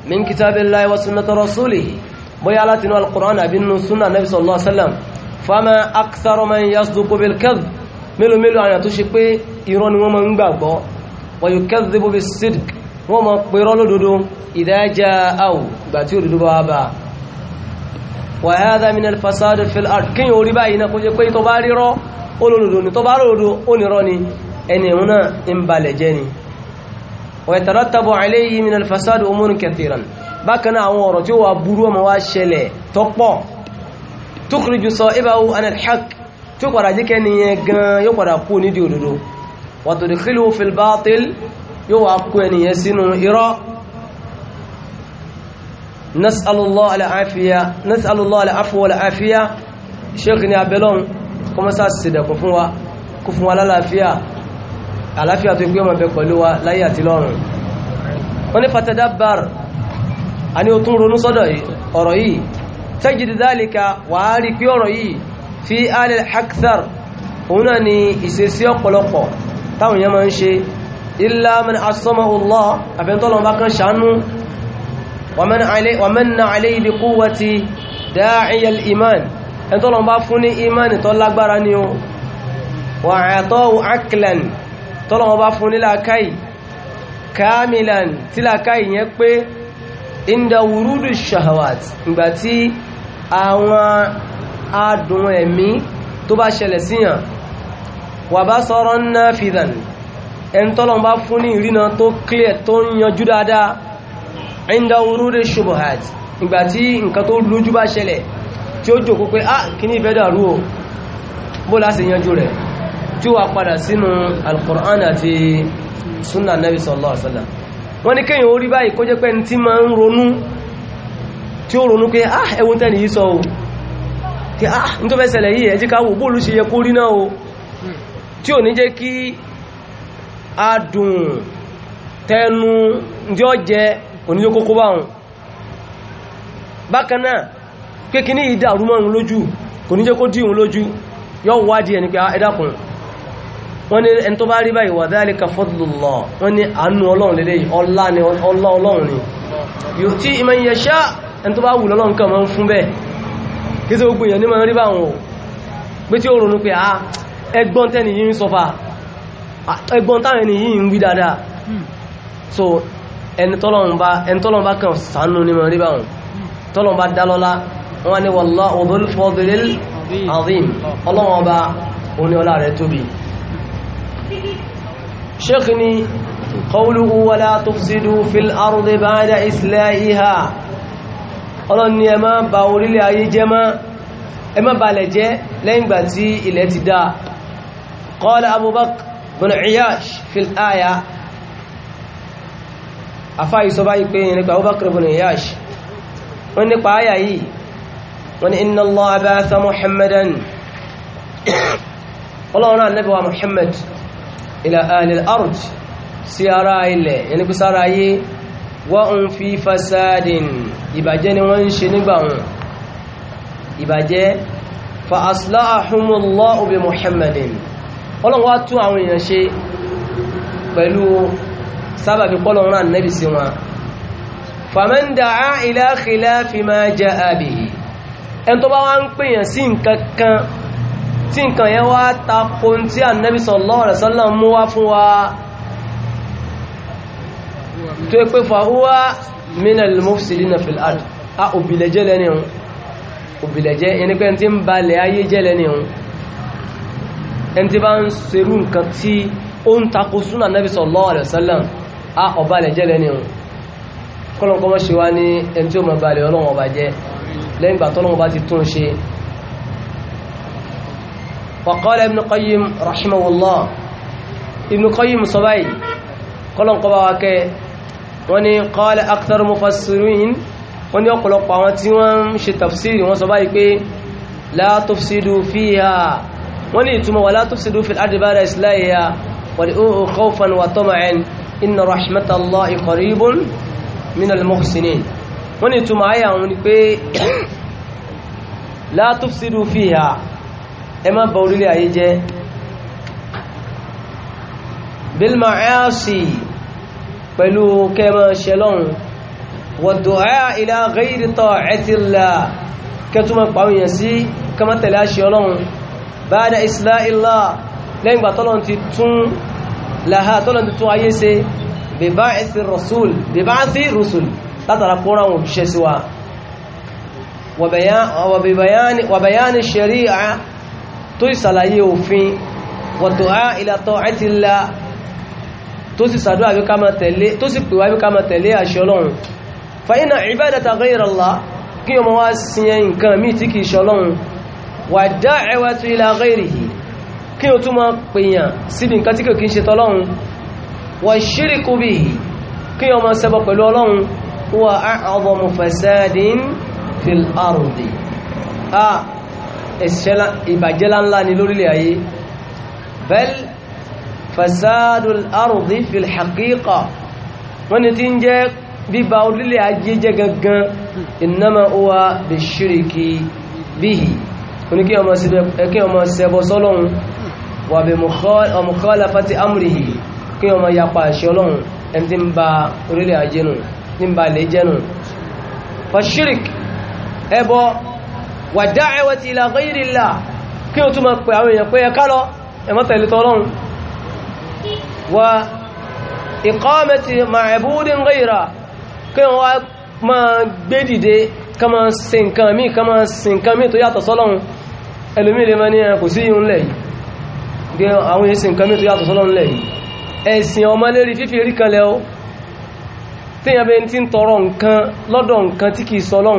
min kitabillahi wa sunnati rasulih bóyá láti inú alquran àbí inú sunna nabi sallallahu alaihi wasallam fama aktharu man yasduqu bil kadhb mélòó mélòó àwọn tó ṣe pé irọ́ ni wọ́n máa ń gbàgbọ́ wa yukadhibu bis sidq wọ́n máa pèrọ́ lódodo idha ja'ahu ìgbà tí òdodo bá bá wa hadha min al fasad fil ard kíyàn orí báyìí náà kó jẹ́ pé tó bá rírọ́ olódodo ni tó bá rírọ́ onírọ́ ni ẹni ìrún náà ń balẹ̀ jẹ́ ni ويترتب عليه من الفساد أمور كثيرا بكنا أمورته وأبرو مواشلة تقبع تخرج صائبه عن الحق تقرا جيك ني غان يقرا وتدخله في الباطل يو اكو ني يسنو إراء نسأل الله العافية نسأل الله العفو والعافية شيخنا بلون كما ساسدكم فوا كفوا لا العافية àláfíà tó gbé ọmọbẹ pẹ̀lú wa láyé àti lọ́run wọ́n ní fatadabbar a ní o tún ronú sọ́dọ̀ ọ̀rọ̀ yìí tajid dhalika wàá rí pé ọ̀rọ̀ yìí fi alẹ́ akthar òun náà ni ìṣesí ọ̀pọ̀lọpọ̀ táwọn èèyàn máa ń ṣe illa man asamahu Allah àfẹ́ntọ́lọ́n bá kan ṣàánú wa manna alayhi bi tọ́lọ́wọ́ bá fún níláàkáì kamilan tíláàkáì yẹn pé inda wurudu shahawat ìgbàtí àwọn adùn ẹ̀mí tó bá ṣẹlẹ̀ síyàn wà bá sọ́rọ̀ náà fìdàn ẹni tọ́lọ́wọ́ bá fún ní ìrìnà tó clear tó yanjú dáadáa inda wurudu shubuhat ìgbàtí nǹkan tó lójú bá ṣẹlẹ̀ tí ó jòkó pé ah kí ní ìfẹ́ dàrú o bó láti yanjú rẹ̀ tí ó wà padà sínú alkùrán àti súnà nẹ́bí sallallahu alaihi wasallam wọ́n ní kéyàn orí báyìí kó jẹ́ pé ní tí ma ń ronú tí ó ronú pé ah ẹwọ́n tẹ́ni yìí sọ o tí ah ní tó fẹ́ yìí ẹjí bóòlù ṣe yẹ kó rí o tí ò ní tẹnu jẹ oníjó kókó báhùn bákan náà lójú kò ní jẹ́ kó dí òun lójú wọ́n ní ẹni tó bá rí báyìí wa dhalika fadlullah wọ́n ní àánú ọlọ́run lélẹ́ yìí ọlá ni ọlá ọlọ́run ni yóò tí man yasha ẹni tó bá wù lọ́lọ́run kan máa ń fún bẹ́ẹ̀ kí sí gbogbo èèyàn ní máa ah, ah, bá ẹni sheikh ni qawluhu wala tufsidu fil ardi ba'da islahiha ọlọ́run ni ẹ má bà orílẹ̀ ayé jẹ́ má ẹ má balẹ̀ jẹ́ lẹ́yìn ìgbà tí ilẹ̀ ti dáa qala abubakar bin iyash fil aya afá ìsọba ìpé nípa Abubakar ibn Iyash wọ́n nípa ayà yìí wọ́n ni inna Allah ba'atha Muhammadan ọlọ́run náà nẹ́bẹ̀wà Muhammad ila alil ard sí ara ilẹ̀ yẹni pé sára ayé wọ́n ń fi fasadin ìbàjẹ́ ni wọ́n ń ṣe nígbà wọn ìbàjẹ́ fa aslahumullahu bi muhammadin ọlọ́run wá tún àwọn èèyàn ṣe pẹ̀lú sábàbí pọ́lọ̀run ànẹ́bì sí wọn tí nǹkan yẹn wá takò tí ànábì sallallahu alaihi wasallam mú wá fún wa tó é pé fàhúwá minal mufsidina fil ard a òbìlẹ̀jẹ́ lẹ́ni hun òbìlẹ̀jẹ́ ẹni pé tí ń balẹ̀ ayé jẹ́ lẹ́ni hun ẹni tí bá ń serú nǹkan tí ó ń takò súnà ànábì sallallahu alaihi a ọ̀balẹ̀jẹ́ lẹ́ni hun kọ́lọ̀kọ́ ṣe wá ní ẹni ó mọ̀ balẹ̀ ọlọ́wọ̀n ọba lẹ́yìn ìgbà tọ́lọ́wọ̀n bá ti tún ṣe وقال ابن قيم رحمه الله ابن قيم صبي قال قباك وني قال اكثر مفسرين وني يقول قواتي ومشي تفسير وصبي لا تفسدوا فيها وني ثم ولا تفسدوا في الأرض بعد إسلائها ولئوه خوفا وطمعا إن رحمة الله قريب من المحسنين وني ثم آية وني لا تفسدوا فيها ẹ má bà orílẹ̀ ayé jẹ́ bilma'asi pẹ̀lú kẹmọ́ ṣẹlọ́run wàdùhá ila ghayri ta'atillah kẹtùmọ̀ pàwìyàn sí kẹmọ́ tẹ̀lé àṣẹ ọlọ́run ba'da isla'illah lẹ́yìn gbà tọ́lọ́n ti tún láhá tọ́lọ́n ti tún ayé ṣe biba'thi rasul rusul látara kóra wọn òṣìṣẹ́ sí wa wa tó ìsàlàyé òfin wọ̀tọ̀ á ìlàtọ̀ àìtìlá tó sì sàdó àbíkámà tẹ̀lé tó sì pèwà àbíkámà tẹ̀lé àṣẹ ọlọ́run fa iná ìbádàta ghayra Allah kí ọmọ wá sin nǹkan míì tí kìí ṣọlọ́run wà dá ẹwà ìbàjẹ́ ńlá ni lórílẹ̀ ayé bẹ́ẹ̀ fasadul ardi fil haqiqa wọ́n ni tí ń jẹ́ bíba orílẹ̀ ayé jẹ́ gangan innama huwa bishiriki bihi oní kí ọmọ ṣẹbọ sọ́lọ́run wà bí mukhalafati amrihi kí ọmọ yapa àṣẹ ọlọ́run ẹni tí ń wà da'wati ila ghayri Allah kí o tún máa pè àwọn èèyàn pé ẹ ká lọ ẹ má tẹ̀lé tọ́lọ́run wà iqamati ma'budin ghayra kí wọ́n wá máa gbé dìde ká máa sin nǹkan míì ká máa sin nǹkan míì tó yàtọ̀ sọ́lọ́run ẹlòmíì lè máa ní sí yìí lẹ̀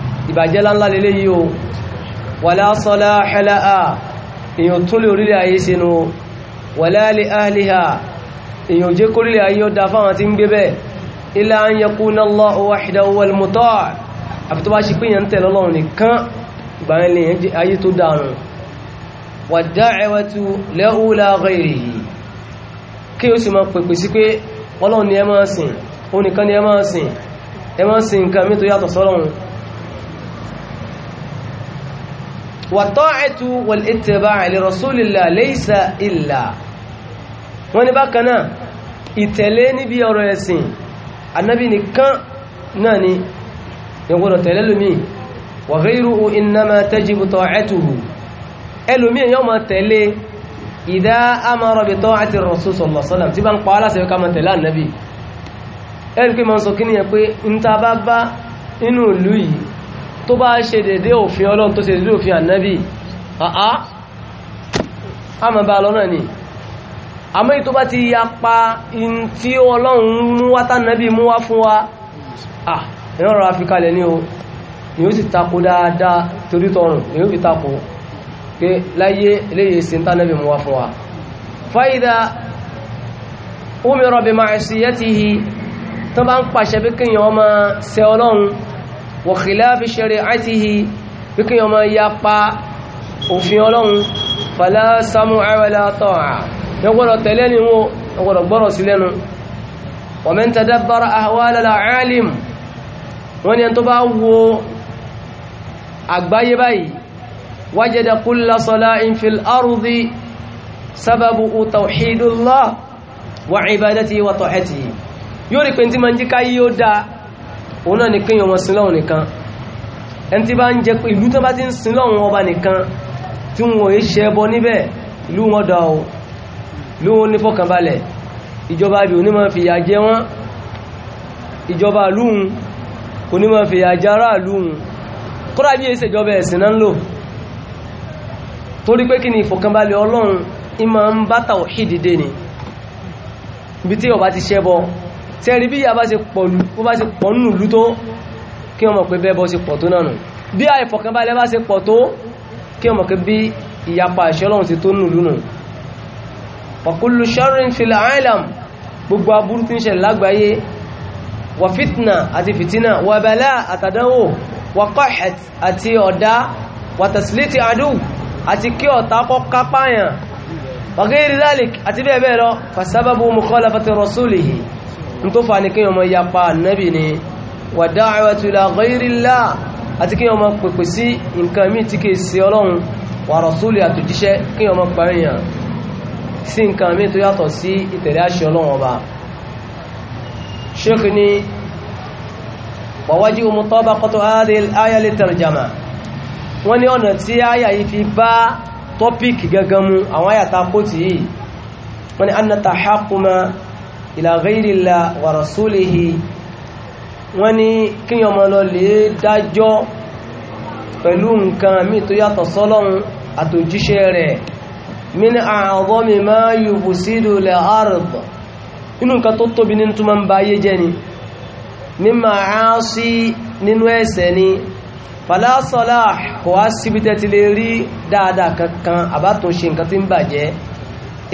ìbàjẹ́ láńlá lélé yíò wàlá sọ́lá hẹ́láà èyàn tó lè orílẹ̀ ayé sínú wàlá lè áhìlìhà èyàn jẹ́ kórílẹ̀ ayé ó dá fáwọn tí ń gbé bẹ́ ilá ń yẹkú náà wahdahu wal mutaa àfi tó bá ṣe pé nǹkan mi tó yàtọ̀ sọ́lọ́run wàtọ́ẹ̀tù wàlìtẹ̀bà li rasulillah laysa illa wọ́n ní bákan náà ìtẹ̀lé níbi ọ̀rọ̀ ẹ̀sìn anábì nìkan náà ni ìwọ̀n tẹ̀lé lómi wa ghayruhu innama tajibu ta'atuhu ẹlòmí èyàn ma tẹ̀lé idha amara bi ta'ati rasul sallallahu alaihi wasallam tí bá ń pa aláṣẹ ká ma tẹ̀lé tó bá ṣe dédé òfin ọlọ́run tó ṣe dédé òfin ànábì àá àmọ́ lọ́nà ni àmọ́ èyí tó bá ti yapa in tí ọlọ́run mú wá tánàbì mú wá fún wa à ìran ọ̀rọ̀ Áfíríkà lẹ̀ ní o ni ó sì tako dáadáa torí tọrùn ni ó fi tako pé láyé eléyìí sí tánàbì mú wá fún wa fáyidà umira bi ma'siyatihi tó bá ń pàṣẹ pé kéèyàn ọmọ ṣe ọlọ́run wa khilafi shari'atihi bí kí ọmọ ya pa òfin ọlọ́run fala sam'a wala ta'a yọ́gbọ́dọ̀ tẹ̀lé ni wọ́n yọ́gbọ́dọ̀ gbọ́rọ̀ sí lẹ́nu wa man tadabbara ahwala al-alim wọ́n ni ẹni tó bá wo àgbáyé ardi sababu tawhidullah wa ibadatihi wa ta'atihi yóò rí pé tí ma ń òun náà ni kéèyàn wọn sin lọ́hùn nìkan ẹni tí bá ń jẹ ìlú tó bá ti ń sin lọ́hùn ọba nìkan tí wọn ò ṣe ẹbọ níbẹ̀ ìlú wọn dà ó ìlú wọn nífọ̀kànbalẹ̀ ìjọba ibi ò ní máa fìyà jẹ wọn ìjọba lóhun kò ní máa fìyà jẹ ará lóhun kódà bí èsì ìjọba ẹ̀sìn náà ń lò torí pé kí ni ìfọ̀kànbalẹ̀ ọlọ́run ìmọ̀ ń bá tàwọ̀ sẹ́rí bí ìyà bá ṣe pọ̀lú bó bá ṣe pọ̀ nínú ìlú tó kí wọ́n mọ̀ pé bẹ́ẹ̀ bọ́ ṣe pọ̀ tó náà nù bí àìfọ̀kànbalẹ̀ bá ṣe pọ̀ tó kí wọ́n mọ̀ pé bí ìyapa àṣẹ ọlọ́run tó nù ọ̀kúlù sharrin fil alam gbogbo aburú fasababu mukhalafati rasulihi tó fa ní kí ọmọ yapa ànábì ni wà da'watu ila ghayrillah àti kí ọmọ pèpè sí nǹkan míì tí kìí sí ọlọ́run wà rasuli àtòjíṣẹ́ kí ọmọ pàríyàn sí nǹkan míì tó yàtọ̀ sí ìtẹ̀lé àṣẹ ọlọ́run ọba sheikh ni wa wajhu mutabaqatu hadhihi al ta kó ila ghayrillah wa rasulihi wọ́n ní kíyàn mọ́ lọ lè dájọ́ pẹ̀lú nǹkan mí tó yàtọ̀ sọ́lọ́run àtòjíṣẹ́ rẹ̀ min a'zami ma yufsidu al-ard inú nǹkan tó tóbi ní túnmọ́ ń ba ayé jẹ́ ni mímọ̀ àásí nínú ẹ̀ṣẹ̀ ni fala kò wá síbi tẹ́tí lè rí dáadáa kankan àbátúnṣe nǹkan tí ń bàjẹ́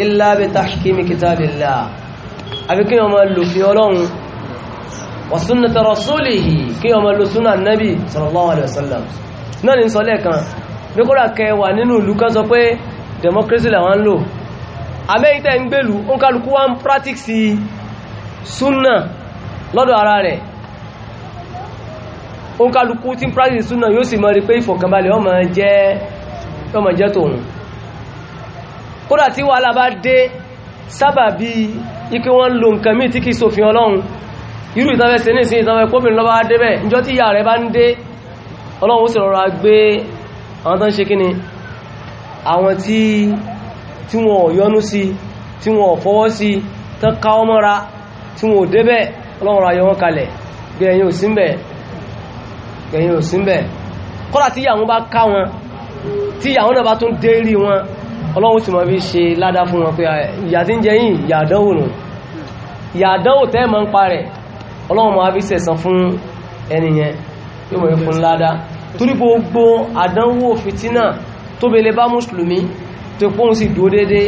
illa bi tahkimi kitabillah àbí kí wọ́n máa lò fi ọlọ́run wa sunnata rasulihi kí wọ́n máa lò súnà nábì sallallahu alaihi wasallam náà ní sọ lẹ́ẹ̀kan bí kódà kẹwàá nínú ìlú kan sọ pé democracy làwọn ń lò amẹ́yìntẹ́ ń gbèlú ó ń kálukú wá ń practice súnà tí ń practice súnà yóò sì mọ̀ rí pé ìfọ̀kànbalẹ̀ ó máa jẹ́ tòun kódà tí wàhálà bá dé sábàbí ike wọ́n lo nǹkan mí tí kìí sófin ọlọ́run irú ìtafẹ́sẹ̀ ní ìsìn ìtafẹ́ kóbìnrin lọ́ba débẹ̀ níjọ́ tí ìyá rẹ̀ bá ń dé ọlọ́run ó sì rọra gbé àwọn tó ń ṣe kí ni àwọn tí tí wọn ò yọnú sí tí wọn fọwọ́ sí tán káwọ́ mọ́ra tí wọn débẹ̀ ọlọ́run ọlọ́run ti mọ̀ bí ṣe ládá fún wọn pé ìyà tí ń jẹ yìí ìyà àdánwò nù ìyà àdánwò tẹ́ mọ́ ń pa rẹ̀ ọlọ́run mọ̀ bí sẹ̀sán fún ẹniyẹn yóò mọ̀ fún ládá torí gbogbo àdánwò fìtínà tó bẹ̀lẹ̀ bá mùsùlùmí tó pọ́n sì dúó dédé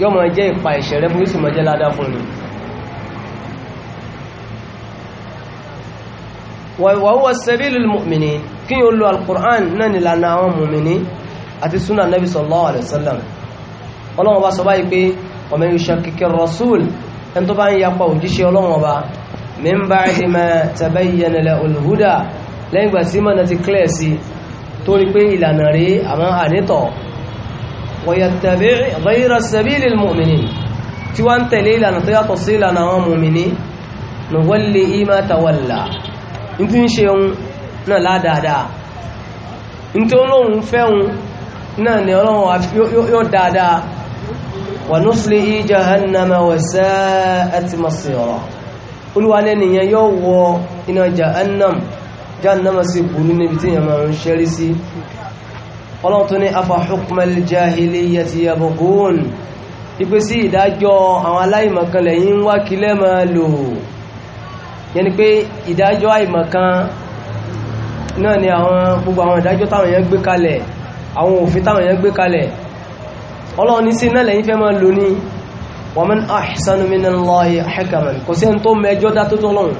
yóò mọ̀ jẹ́ ìpa ẹ̀ṣẹ̀ rẹ̀ bó sì mọ̀ jẹ́ kí yóò lo al náà nìlànà àwọn mu'minin àti súnà nẹ́bí sallallahu alaihi wasallam ọlọ́wọ́n bá sọ báyìí pé ọmọ yushakkikir rasul ẹni tó bá ń yapa òjíṣẹ́ ọlọ́wọ́n bá min ba'di ma tabayyana lahul huda lẹ́yìn gbà sí mọ̀nà ti kílẹ̀ sí torí pé ìlànà tí wọ́n tẹ̀lé ìlànà tó yàtọ̀ sí ìlànà àwọn mùmìní nuwallihi ma tawalla ní tí ń ṣe ohun náà ládáadáa ní tí ó lóhun fẹ́ náà ni ọlọ́run yóò dáadáa wà nuslihi jahannama wa sa'at masira olúwa lẹ́nìyàn yóò wọ iná jahannam jahannama sí burú níbi tí yàmà ń ṣẹ́rí sí ọlọ́run tó ní afa hukmal jahiliyyati yabghun ìpé sí ìdájọ́ àwọn aláìmọ̀kan lẹ́yìn ń wá kílẹ̀ máa lò yẹni pé ìdájọ́ àìmọ̀kan náà ni àwọn gbogbo àwọn ìdájọ́ táwọn èèyàn gbé kalẹ̀ àwọn òfin táwọn èèyàn gbé kalẹ̀ ọlọ́run ní sí náà lẹ́yìn fẹ́ máa lò ní wa man ahsanu minallahi hakaman kò sí ẹni tó mẹjọ́ dá tó tọ́lọ́run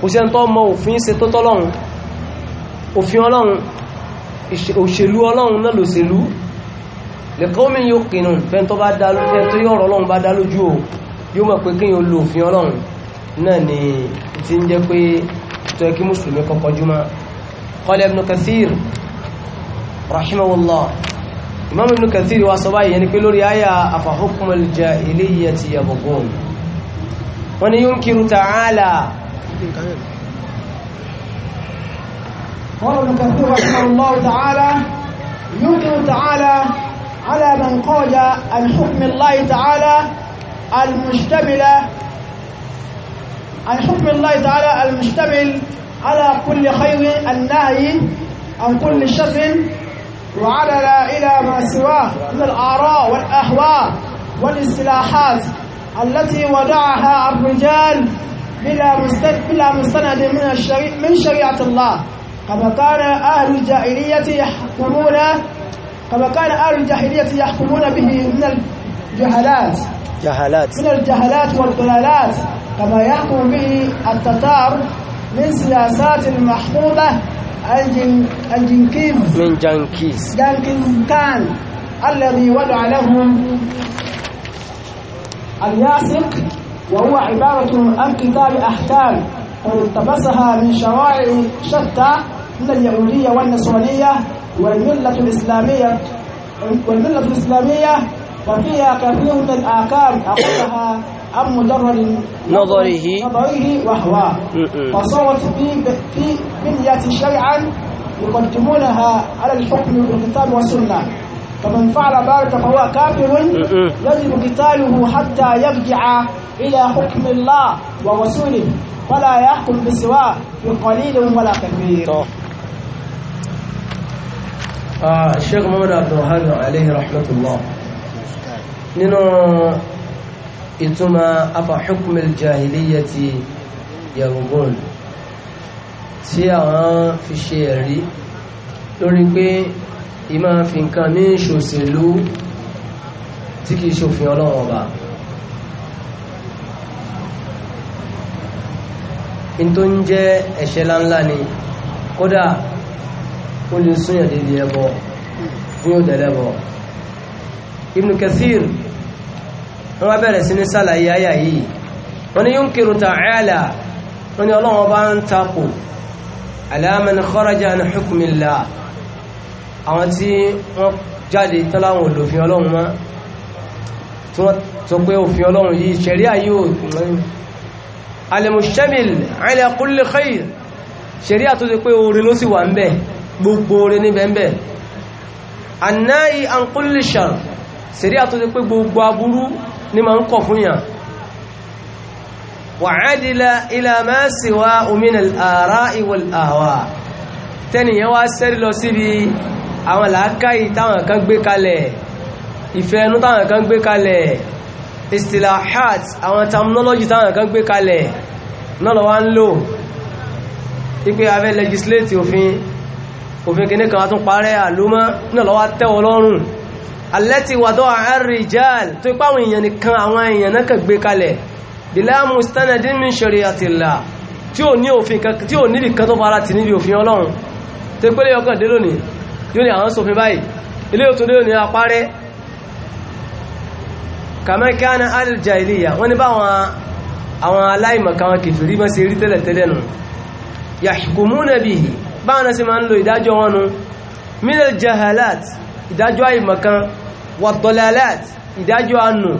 kò sí ẹni tó mọ òfin ṣe tó tọ́lọ́run òfin ọlọ́run òṣèlú ọlọ́run náà lòṣèlú liqawmin yuqinun fẹ́ tó bá dá lójú tó ni ti ń jẹ́ pé tó yẹ kí mùsùlùmí kọkọjúmọ́ qala ibn kathir رحمه الله امام ابن كثير sọ يعني yani pé lórí aya الجاهليه hukm وان jahiliyyati تعالى قال ابن كثير رحمه الله تعالى ينكر تعالى على من قال عن حكم الله تعالى المشتمل عن حكم الله تعالى المشتمل على كل خير النهي عن كل شر وعلى لا إله ما سواه من الآراء والأهواء والاصطلاحات التي وضعها الرجال بلا بلا مستند من الشريع من شريعة الله كما كان أهل الجاهلية يحكمون كما كان أهل الجاهلية يحكمون به من الجهالات جهالات من الجهالات والضلالات كما يحكم به التتار من سياسات محفوظة الجن الجنكيز من جنكيز جنكيز كان الذي وضع لهم الياسق وهو عبارة عن كتاب أحكام اقتبسها من شرائع شتى من اليهودية والنصرانية والملة الإسلامية والملة الإسلامية وفيها كثير من الآكام أخذها عن مجرد نظره نظره وهو فصارت في في بنية شرعا يقدمونها على الحكم بالكتاب والسنة فمن فعل ذلك فهو كافر يجب قتاله حتى يرجع إلى حكم الله ورسوله فلا يحكم بسواه في قليل ولا كثير آه، الشيخ محمد عبد الوهاب عليه رحمة الله ìtumọ̀ afahukmil jahiliyati yarubun tí àwọn fi ṣe ẹ̀rí lórí pé ìmá fi nǹkan ní ìṣòṣèlú tí kìí ṣòfin ọlọ́run ọba in tó ń jẹ́ ẹ̀ṣẹ̀ láńlá ni kódà ó lè súnyàn dédé ẹbọ fún òdẹ̀lẹ́bọ Ibn Kathir wọ́n wá bẹ̀rẹ̀ sí ní sàlàyé àyà yìí wọ́n ni yunkiru ta'ala wọ́n ni ọlọ́wọ́n bá ń takò ala man kharaja an hukmillah àwọn tí wọ́n jáde tọ́láwọn olófin ọlọ́run mọ́ tí wọ́n sọ pé òfin ọlọ́run yìí ṣẹ̀ríà yóò alimushamil ala kulli khair pé gbogbo aburú ní ma ń kọ̀ fún yàn wà ádìlá ilá máa sì wá òmìnà ààrá ìwọl àwà tẹ́nìyàn wá sẹ́rí lọ síbi àwọn làákàyè táwọn kan gbé kalẹ̀ ìfẹ́ ẹnu táwọn kan gbé kalẹ̀ istilahat àwọn terminology táwọn kan gbé kalẹ̀ náà lọ wá ń lò wípé abẹ́ legislate òfin òfin kìnnìkan tún àlúmọ́ náà wá tẹ́wọ́ lọ́rùn alẹ́tí wàdọ́ àáríjáàl tó ipá àwọn èèyàn nìkan àwọn èèyàn náà kàn gbé kalẹ̀ bíláàmù stanadin min shari'atillah tí ò ní òfin kan tí ò níbi kan tó fara tì níbi òfin ọlọ́run tó pélé ọkàn lónìí yóò ní àwọn sòfin báyìí ilé òtún lónìí apárẹ́ kàmẹ́kánà ní báwọn ìdájọ́ àìmọ̀kan wàdọ̀lẹ́lẹ́t ìdájọ́ ànù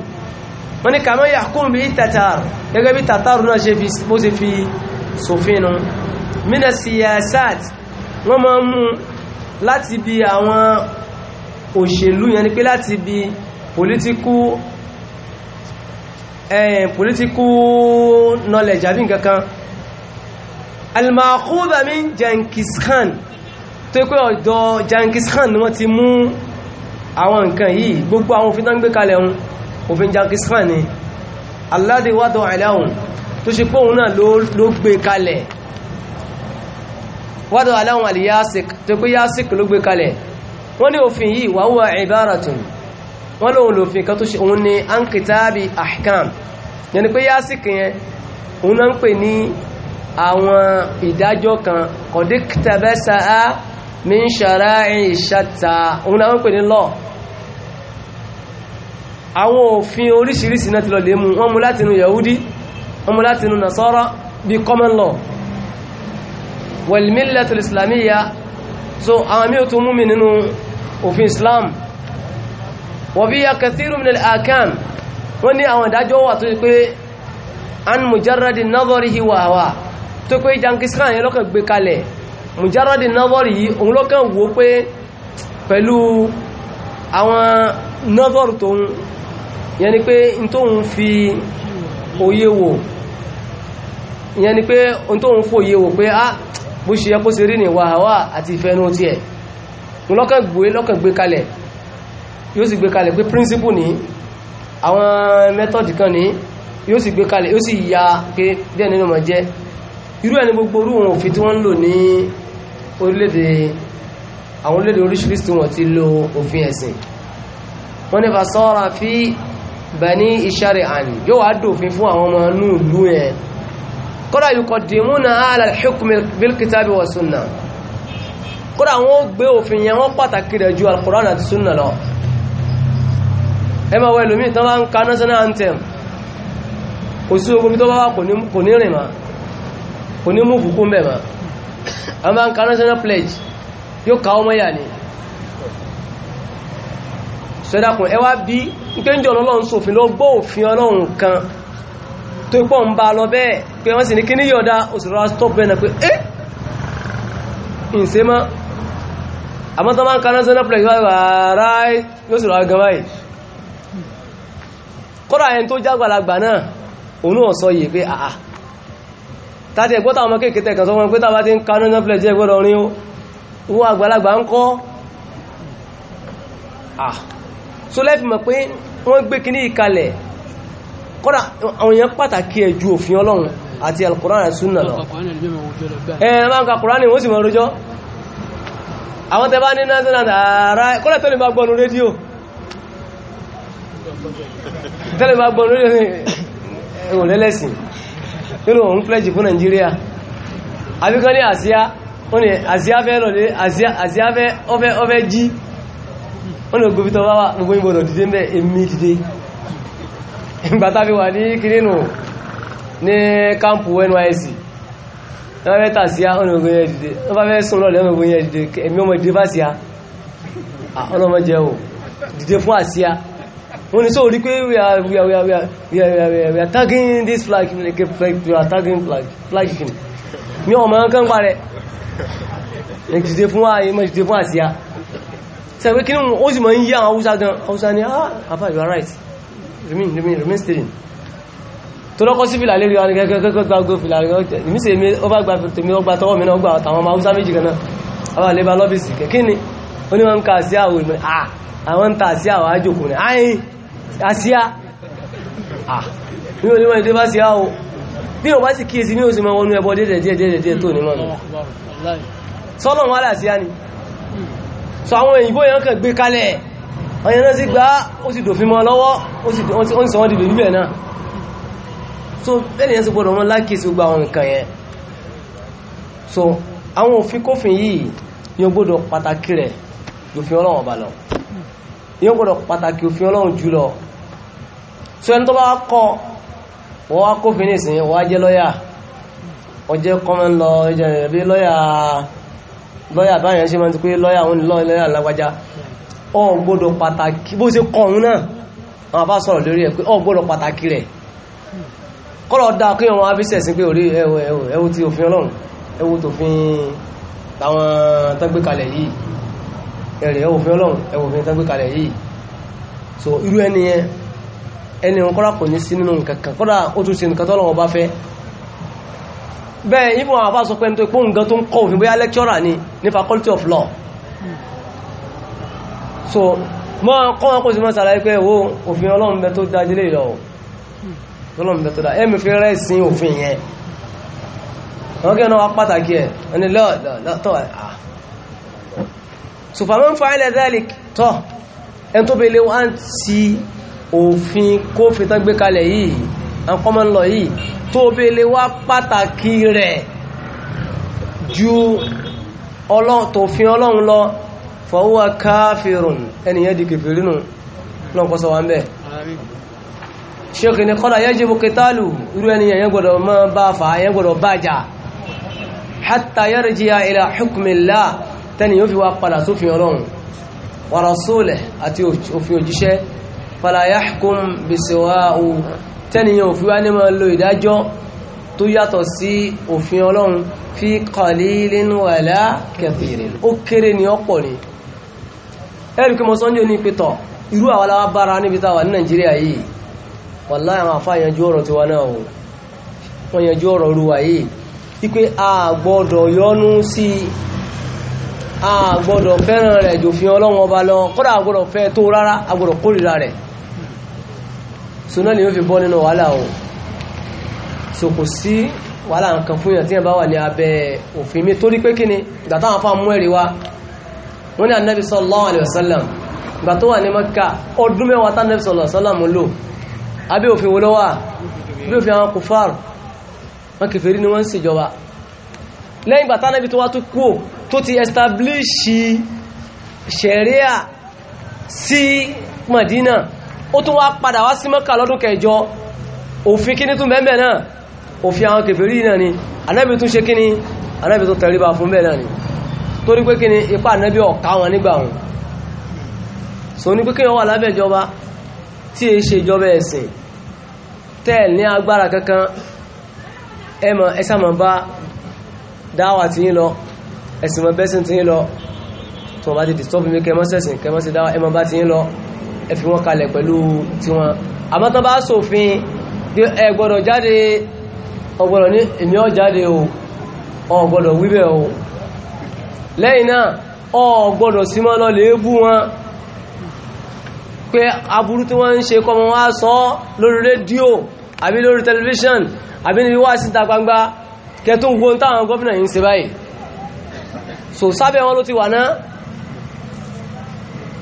wọ́n ni kàmọ́ yàkún bí tàtàrù gẹ́gẹ́ bí tàtàrù náà ṣe fi bó ṣe fi sòfinu mina siyasat wọ́n máa mú láti bí àwọn òṣèlú yẹn ni pé láti bí political eh, political knowledge àbí nǹkan kan al-ma'khudha min Genghis Khan tó pé ọ̀dọ̀ Genghis Khan ni wọ́n ti mú àwọn nǹkan yìí gbogbo àwọn òfin tán gbé kalẹ̀ ohun òfin Genghis Khan ni aládewádọ̀ aláhùn tó ṣe pé òun náà ló gbé kalẹ̀ wádọ̀ aláhùn àlè yásík tó pé yásík ló gbé kalẹ̀ wọ́n ní òfin yìí wà wà ìbáratùn wọ́n lóhun lòfin kan tó ṣe òun ni an kìtàbí ahkam yẹni pé yásík yẹn òun náà ń pè ní àwọn ìdájọ́ kan kọ̀díktàbẹ́sà min shara'i shatta òun náà ń pè ní law àwọn òfin oríṣiríṣi náà ti lọ lè mú wọ́n mú látinú yahudi wọ́n mú látinú nasara bí common law wal millatul islamiyya so àwọn mí o tún mú mi nínú òfin islam wa fiya kathiru min al-ahkam wọ́n ní àwọn ìdájọ́ wà tó pé an mujarradi nadharihi wa tó pé jankisan yẹn lọ́kàn gbé kalẹ̀ mujaradi nazari yìí òun lọ́kàn wò pé pẹ̀lú àwọn nazari tóun yẹn ni pé n tóun fi òye wò yẹn ni pé n tóun fòye wò pé ah bó ṣe yẹ kó ṣe rí ní wàháwà àti ìfẹ́nú tí ẹ̀ lọ́kàn gbé lọ́kàn gbé kalẹ̀ yóò sì gbé kalẹ̀ pé príncipù ní àwọn mẹ́tọ̀dì kan ní yóò sì gbé kalẹ̀ yóò sì ya pé díẹ̀ nínú mọ̀ jẹ́ irú ẹni gbogbo orú wọn òfin tí wọ́n ń lò ní orílẹ̀-èdè àwọn orílẹ̀-èdè oríṣiríṣi wọn ti lo òfin ẹ̀sìn wọ́n ní fasọ́ra fi bani ishari ani yóò wá dòfin fún àwọn ọmọ inú ìlú yẹn kódà yuqaddimuna ala al-hukm bil-kitabi wa sunnah kódà wọ́n gbé òfin yẹn wọ́n pàtàkì rẹ̀ ju al àti sunna lọ ẹ máa wọ ẹlòmíì tán bá ń ka national anthem kò sí ogun tó bá wà kò ní rìn máa kò ní mú fùkú mẹ́mà a máa ń ka national pledge yóò ká ọmọ yà ní sọ́dákùn ẹwà bí ìkéjì ọlọ́run sófin ló gbọ́ òfin ọlọ́run kan tó ipọ́ ń bá lọ bẹ́ẹ̀ pé wọ́n sì ní kí ní yọ̀dá òṣèrò stop bẹ́ẹ̀ náà pé eh ìṣe mọ́ àmọ́ tó máa ń ka national pledge wáyé rárá yóò sì rọ agan báyìí kọ́ra ẹni tó jágbàlagbà náà òun náà sọ yìí pé tàbí ẹgbọ́ta ọmọ kéèkéé kan sọ wọn pé tàbá ti ń kanú náà fìlẹ̀ jẹ́ ẹgbọ́rọ̀ orin owó àgbàlagbà ń kọ́ ah. so lẹ́fì mọ̀ pé wọ́n gbé kí ní ìkalẹ̀ kọ́dà àwọn èèyàn pàtàkì ẹ̀ ju òfin ọlọ́run àti alkùnrin àti súnà lọ ẹ̀ẹ́n máa ń ka kùnrin ni wọ́n sì mọ̀ rojọ́ àwọn tẹ́bá ní national ààrá kọ́dà nínú òun pledge fún Nàìjíríà àbíkọ́ ní àsíá ó ní àsíá fẹ́ lọ ní àsíá fẹ́ ọfẹ́ jí ó ní ògbóbi tó bá wà gbogbo ìgbọ̀dọ̀ dìde mẹ́ èmi dìde ìgbà ní kìrínù ní kámpù NYSC wọ́n ni so rí pé we are we are we are we are we are we are we are tagging this flag like a flag we are tagging flag flag kìíní ní ọmọ kan pa rẹ̀ ìdìde fún ààyè mọ́ ìdìde fún àsíá sẹ́gbẹ́ kí ní ó sì mọ́ ń yí àwọn haúsá gan haúsá ní ah papa you are right remain remain remain steady tó lọ́kọ́ sí fìlà lérí wọn gẹ́gẹ́gẹ́gẹ́ gbogbo fìlà rẹ̀ èmi sì èmi ó bá gba tèmi ó gba tọwọ́ mi náà gba àtàwọn ọmọ haúsá méjì gan náà àwọn àlébà lọ́bìsì kẹ́kí ni ó ní wọn ń ka àsíá àwọn ìmọ̀ ah, àwọn ń ta àsíá àwọn àjòkù ni ayin àsíá ah, ní onímọ̀ ìdé bá sí á o bí o bá sì kíyèsí ní oṣù mọ́wọ́nú ẹbọ dédẹ̀dẹ̀dẹ̀ tó nímọ̀ nù sọ́lọ̀n wà láàsíá ni sọ àwọn òyìnbó yẹn kàn gbé kalẹ̀ ọyẹn náà sì gbá ó sì dòfin mọ́ lọ́wọ́ ó sì sọ wọ́n dìbò níbẹ̀ náà so bẹ́ẹ̀ yẹn sì gbọ́dọ̀ wọn lákèsí gbogbo àwọn nǹkan yẹn so àwọn òfin kófin yìí ni ó gbọ́dọ̀ pàtàkì rẹ̀ lòfin ọlọ́wọ̀n ọba yíò gbọ́dọ̀ pàtàkì òfin ọlọ́run jùlọ tí ẹni tó bá kọ́ wọ́n wá kó fínì sí wọ́n jẹ́ lọ́yà ọjẹ́ kọ́mọ́n lọ ìjẹ̀rẹ̀bí lọ́yà lọ́yà báyẹn ṣe máa ti pé lọ́yà òun lọ́yà lágbájá ọ gbọ́dọ̀ pàtàkì bó ṣe kọ́ òun náà àwọn bá sọ̀rọ̀ lórí ẹ̀ pé ọ gbọ́dọ̀ pàtàkì rẹ̀ kọ́lọ̀ dáa kí wọn fi sẹ̀sìn pé orí ẹwù ti òfin ọlọ́run ẹwù ẹ̀rẹ̀ ẹwòfin ọlọ́run ẹwòfin tán kalẹ̀ yìí so irú ẹni yẹn ẹni wọn kọ́ra kò ní sí nínú nǹkankan kọ́ra ó tún ṣe nǹkan tọ́lọ́wọ́ bá fẹ́ bẹ́ẹ̀ ibò àwọn àbá sọ pé nǹkan tó ń kọ́ òfin bóyá lecturer ni ní faculty of law so mọ́ kọ́ wọn kò sí mọ́ sàlàyé pé wo òfin ọlọ́run bẹ tó da ilé ìlọ ọlọ́run bẹ tó da ẹ̀mí fi rẹ́ sin òfin yẹn àwọn kẹ́ẹ̀ náà wá pàtàkì ẹ̀ ẹni lọ́ọ̀ sùfàmọ́ ń fa ilẹ̀ dalik tọ́ ẹn tó bèèrè wá ń ti òfin kófin tán gbé kalẹ̀ yìí àkọ́mọ́ ń lọ yìí tó bèèrè wá pàtàkì rẹ̀ ju tòfin ọlọ́run lọ fọwọ́ káfírùn ẹniyàn di kèfèrè nù lọ́nkọ́sọ wa ń bẹ̀ ṣékì ní kọ́dà yajibu kìtàlù irú ẹniyàn yẹn hatta yarji'a ila hukmillah tẹ́ni yóò fi wá padà sófin ọlọ́run wa rasulih àti òfin òjíṣẹ́ fala yahkum bisiwa'u tẹ́ni yóò fi wá ní máa lo ìdájọ́ tó yàtọ̀ sí òfin ọlọ́run fi qalilin wala kathirin ó kéré ní ọ̀pọ̀ ni ẹ̀rù kí mo sọ ní oní pẹ̀tọ̀ irú àwọn aláwábára a gbọ́dọ̀ fẹ́ràn rẹ̀ jòfin ọlọ́run ọba lọ kọ́dà agbọ́dọ̀ fẹ́ tó rárá agbọ́dọ̀ kórìíra rẹ̀ so náà ni ó fi bọ́ nínú wàhálà o so kò sí wàhálà nǹkan fún yàn tí yàn bá wà ní abẹ́ òfin mi torí pé kíni ìgbà táwọn afá mú ẹ̀rí wa wọ́n ní anabi sallallahu alayhi wa sallam ìgbà tó wà ní maka ọdún mẹ́wàá tá anabi sallallahu alayhi wa sallam lò abẹ́ òfin wo ló wà bí òfin àwọn kùfàr wọn kẹfẹ́ rí ni wọ́n ń ṣèjọba lẹ́yìn bàtà náà bí tó wá tó kú tó ti establishi ṣẹ̀ríà sí Madina ó tún wá padà wá sí Mẹ́kà lọ́dún kẹjọ òfin kíní tún bẹ́ẹ̀ náà òfin àwọn kèfèrí náà ni anábì tún ṣe kíní anábì tún tẹríba fún bẹ́ẹ̀ náà ni torí pé kíní ipá anábì ọ̀ká wọn nígbà wọn so ní pé kí wọ́n wà lábẹ́ ìjọba tí è ṣe ìjọba ẹ̀sìn tẹ́ẹ̀ ní agbára kankan ẹmọ ẹsàmọ̀ bá dáwà tí yín lọ ẹ̀sìn mọ́ bẹ́sìn tí yín lọ tí wọ́n bá ti disturb mi kẹ́ mọ́ sẹ̀sìn kẹ́ mọ́ sí dáwà ẹmọ bá ti yín lọ ẹ fi wọ́n kalẹ̀ pẹ̀lú tiwọn àmọ́ tán bá sòfin ẹ gbọ́dọ̀ jáde ọgbọ́dọ̀ ní èmi ọ o ọ wíbẹ̀ o lẹ́yìn náà ọ sí mọ́ lọ léébù wọn pé aburú tí wọ́n ń ṣe kọmọ wá sọ lórí rédíò àbí lórí tẹlifíṣàn àbí níbi wá síta gbangba tẹ́tún gbọ́n táwọn gọ́fìnà yìí ń ṣe báyìí so sábẹ́ wọn ló ti wà náà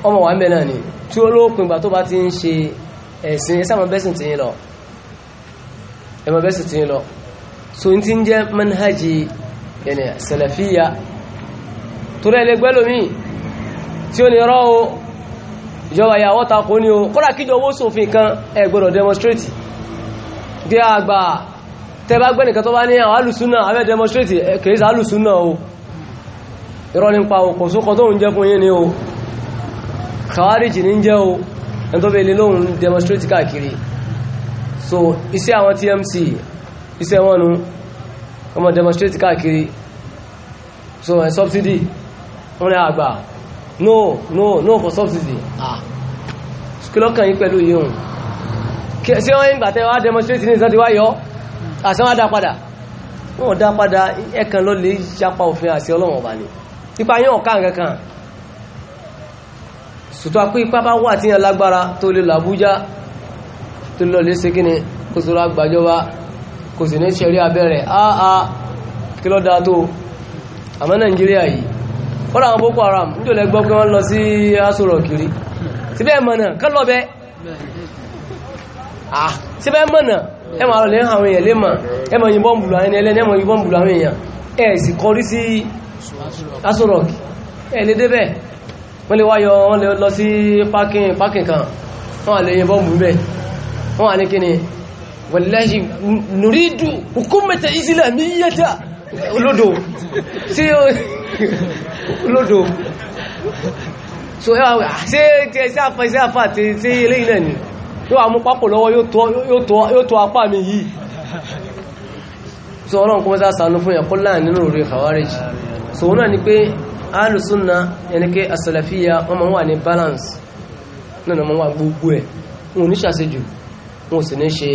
ọmọ wà ń bẹ náà ni tí ó lóòpin ìgbà tó bá ti ń ṣe ẹ̀sìn ẹ̀sàmọ̀ bẹ́sìn tí yín lọ ẹ̀mọ̀ bẹ́sìn tí yín lọ so n ti ń jẹ́ manhaji yẹnì sẹlẹ̀fíya torí ẹlẹgbẹ́ lomi tí ó ní rọ́ o ìjọba ìyàwó takò o kọ́dà kíjọ owó sòfin kan ẹ gbọ́dọ̀ demonstrate tẹ́bá gbẹ́ nìkan tó bá ní àwọn alùsúnà abẹ́ demonstrate kìí sí alùsúnà o irọ́ nípa òkò sókọ tó ń jẹ́ fún yí ni o kàwárìjì ní jẹ́ o ẹn tó bèèrè lóhun demonstrate káàkiri so iṣẹ́ àwọn TMC iṣẹ́ wọn nu ọmọ demonstrate káàkiri so ẹ̀ subsidy wọ́n ní àgbà no no no for subsidy ah kí lọ́kàn yí pẹ̀lú yíò sí wọ́n ń gbà tẹ́ wá demonstrate ní ìsọ́díwáyọ́ àṣẹ wọn dá padà wọn dá padà ẹ̀kan ló lè yapa òfin àṣẹ ọlọ́wọ̀n ọba ni ipa yóò ká nǹkan kan sùtọ́ pé ipá bá wà tí yẹn lágbára tó lè làbújá tó lọ lè ṣe kí ni kò sọ lágbàjọba kò sì ní ṣẹ̀rí abẹ́rẹ̀ áá kí ló dáa tó àmọ́ nàìjíríà yìí fọ́nà àwọn boko haram ní òlẹ́ gbọ́ pé wọ́n lọ sí asòrò kiri síbẹ̀ mọ̀nà kán lọ bẹ́ síbẹ̀ mọ̀nà ẹ máa lọ́lẹ́ àwọn èèyàn lè mà ẹ máa yìnbọn bùlọ àwọn ẹlẹ́ni ẹ máa yìnbọn bùlọ àwọn èèyàn ẹ sì kọrí sí asorok ẹ lè débẹ̀ wọ́n lè wáyọ wọ́n lè lọ sí parking parking kan wọ́n lè yìnbọn bù bẹ́ẹ̀ wọ́n wà ní so ẹ wà ṣe tí ẹ sí àfà sí àfà tí sí ni yóò wà mú pápò lọ́wọ́ yóò tó apá mi yìí so ọlọ́run kó mẹ́ta sànú fún ẹ̀kọ́ láàrin nínú orí khawarij so wọ́n náà ni pé alùsùnà ẹnikẹ́ asàlàfíà wọ́n ma wà ní balance náà ma wà gbogbo ẹ̀ wọn ní ṣàṣejù wọn sì ní ṣe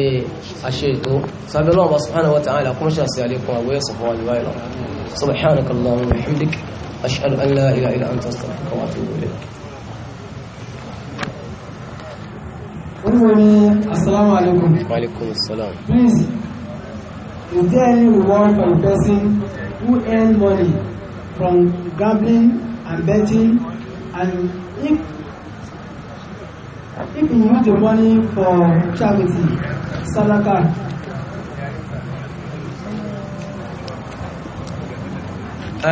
àṣẹ ètò sábẹ́ lọ́wọ́ subhanahu wa ta'ala kó mẹ́ta sí àlékún àwẹ́ sọ̀fọ́ Assalamu alaikum. Wa assalam. Please, is there any reward for a person who earns money from gambling and betting and if if you use the money for charity, sadaka,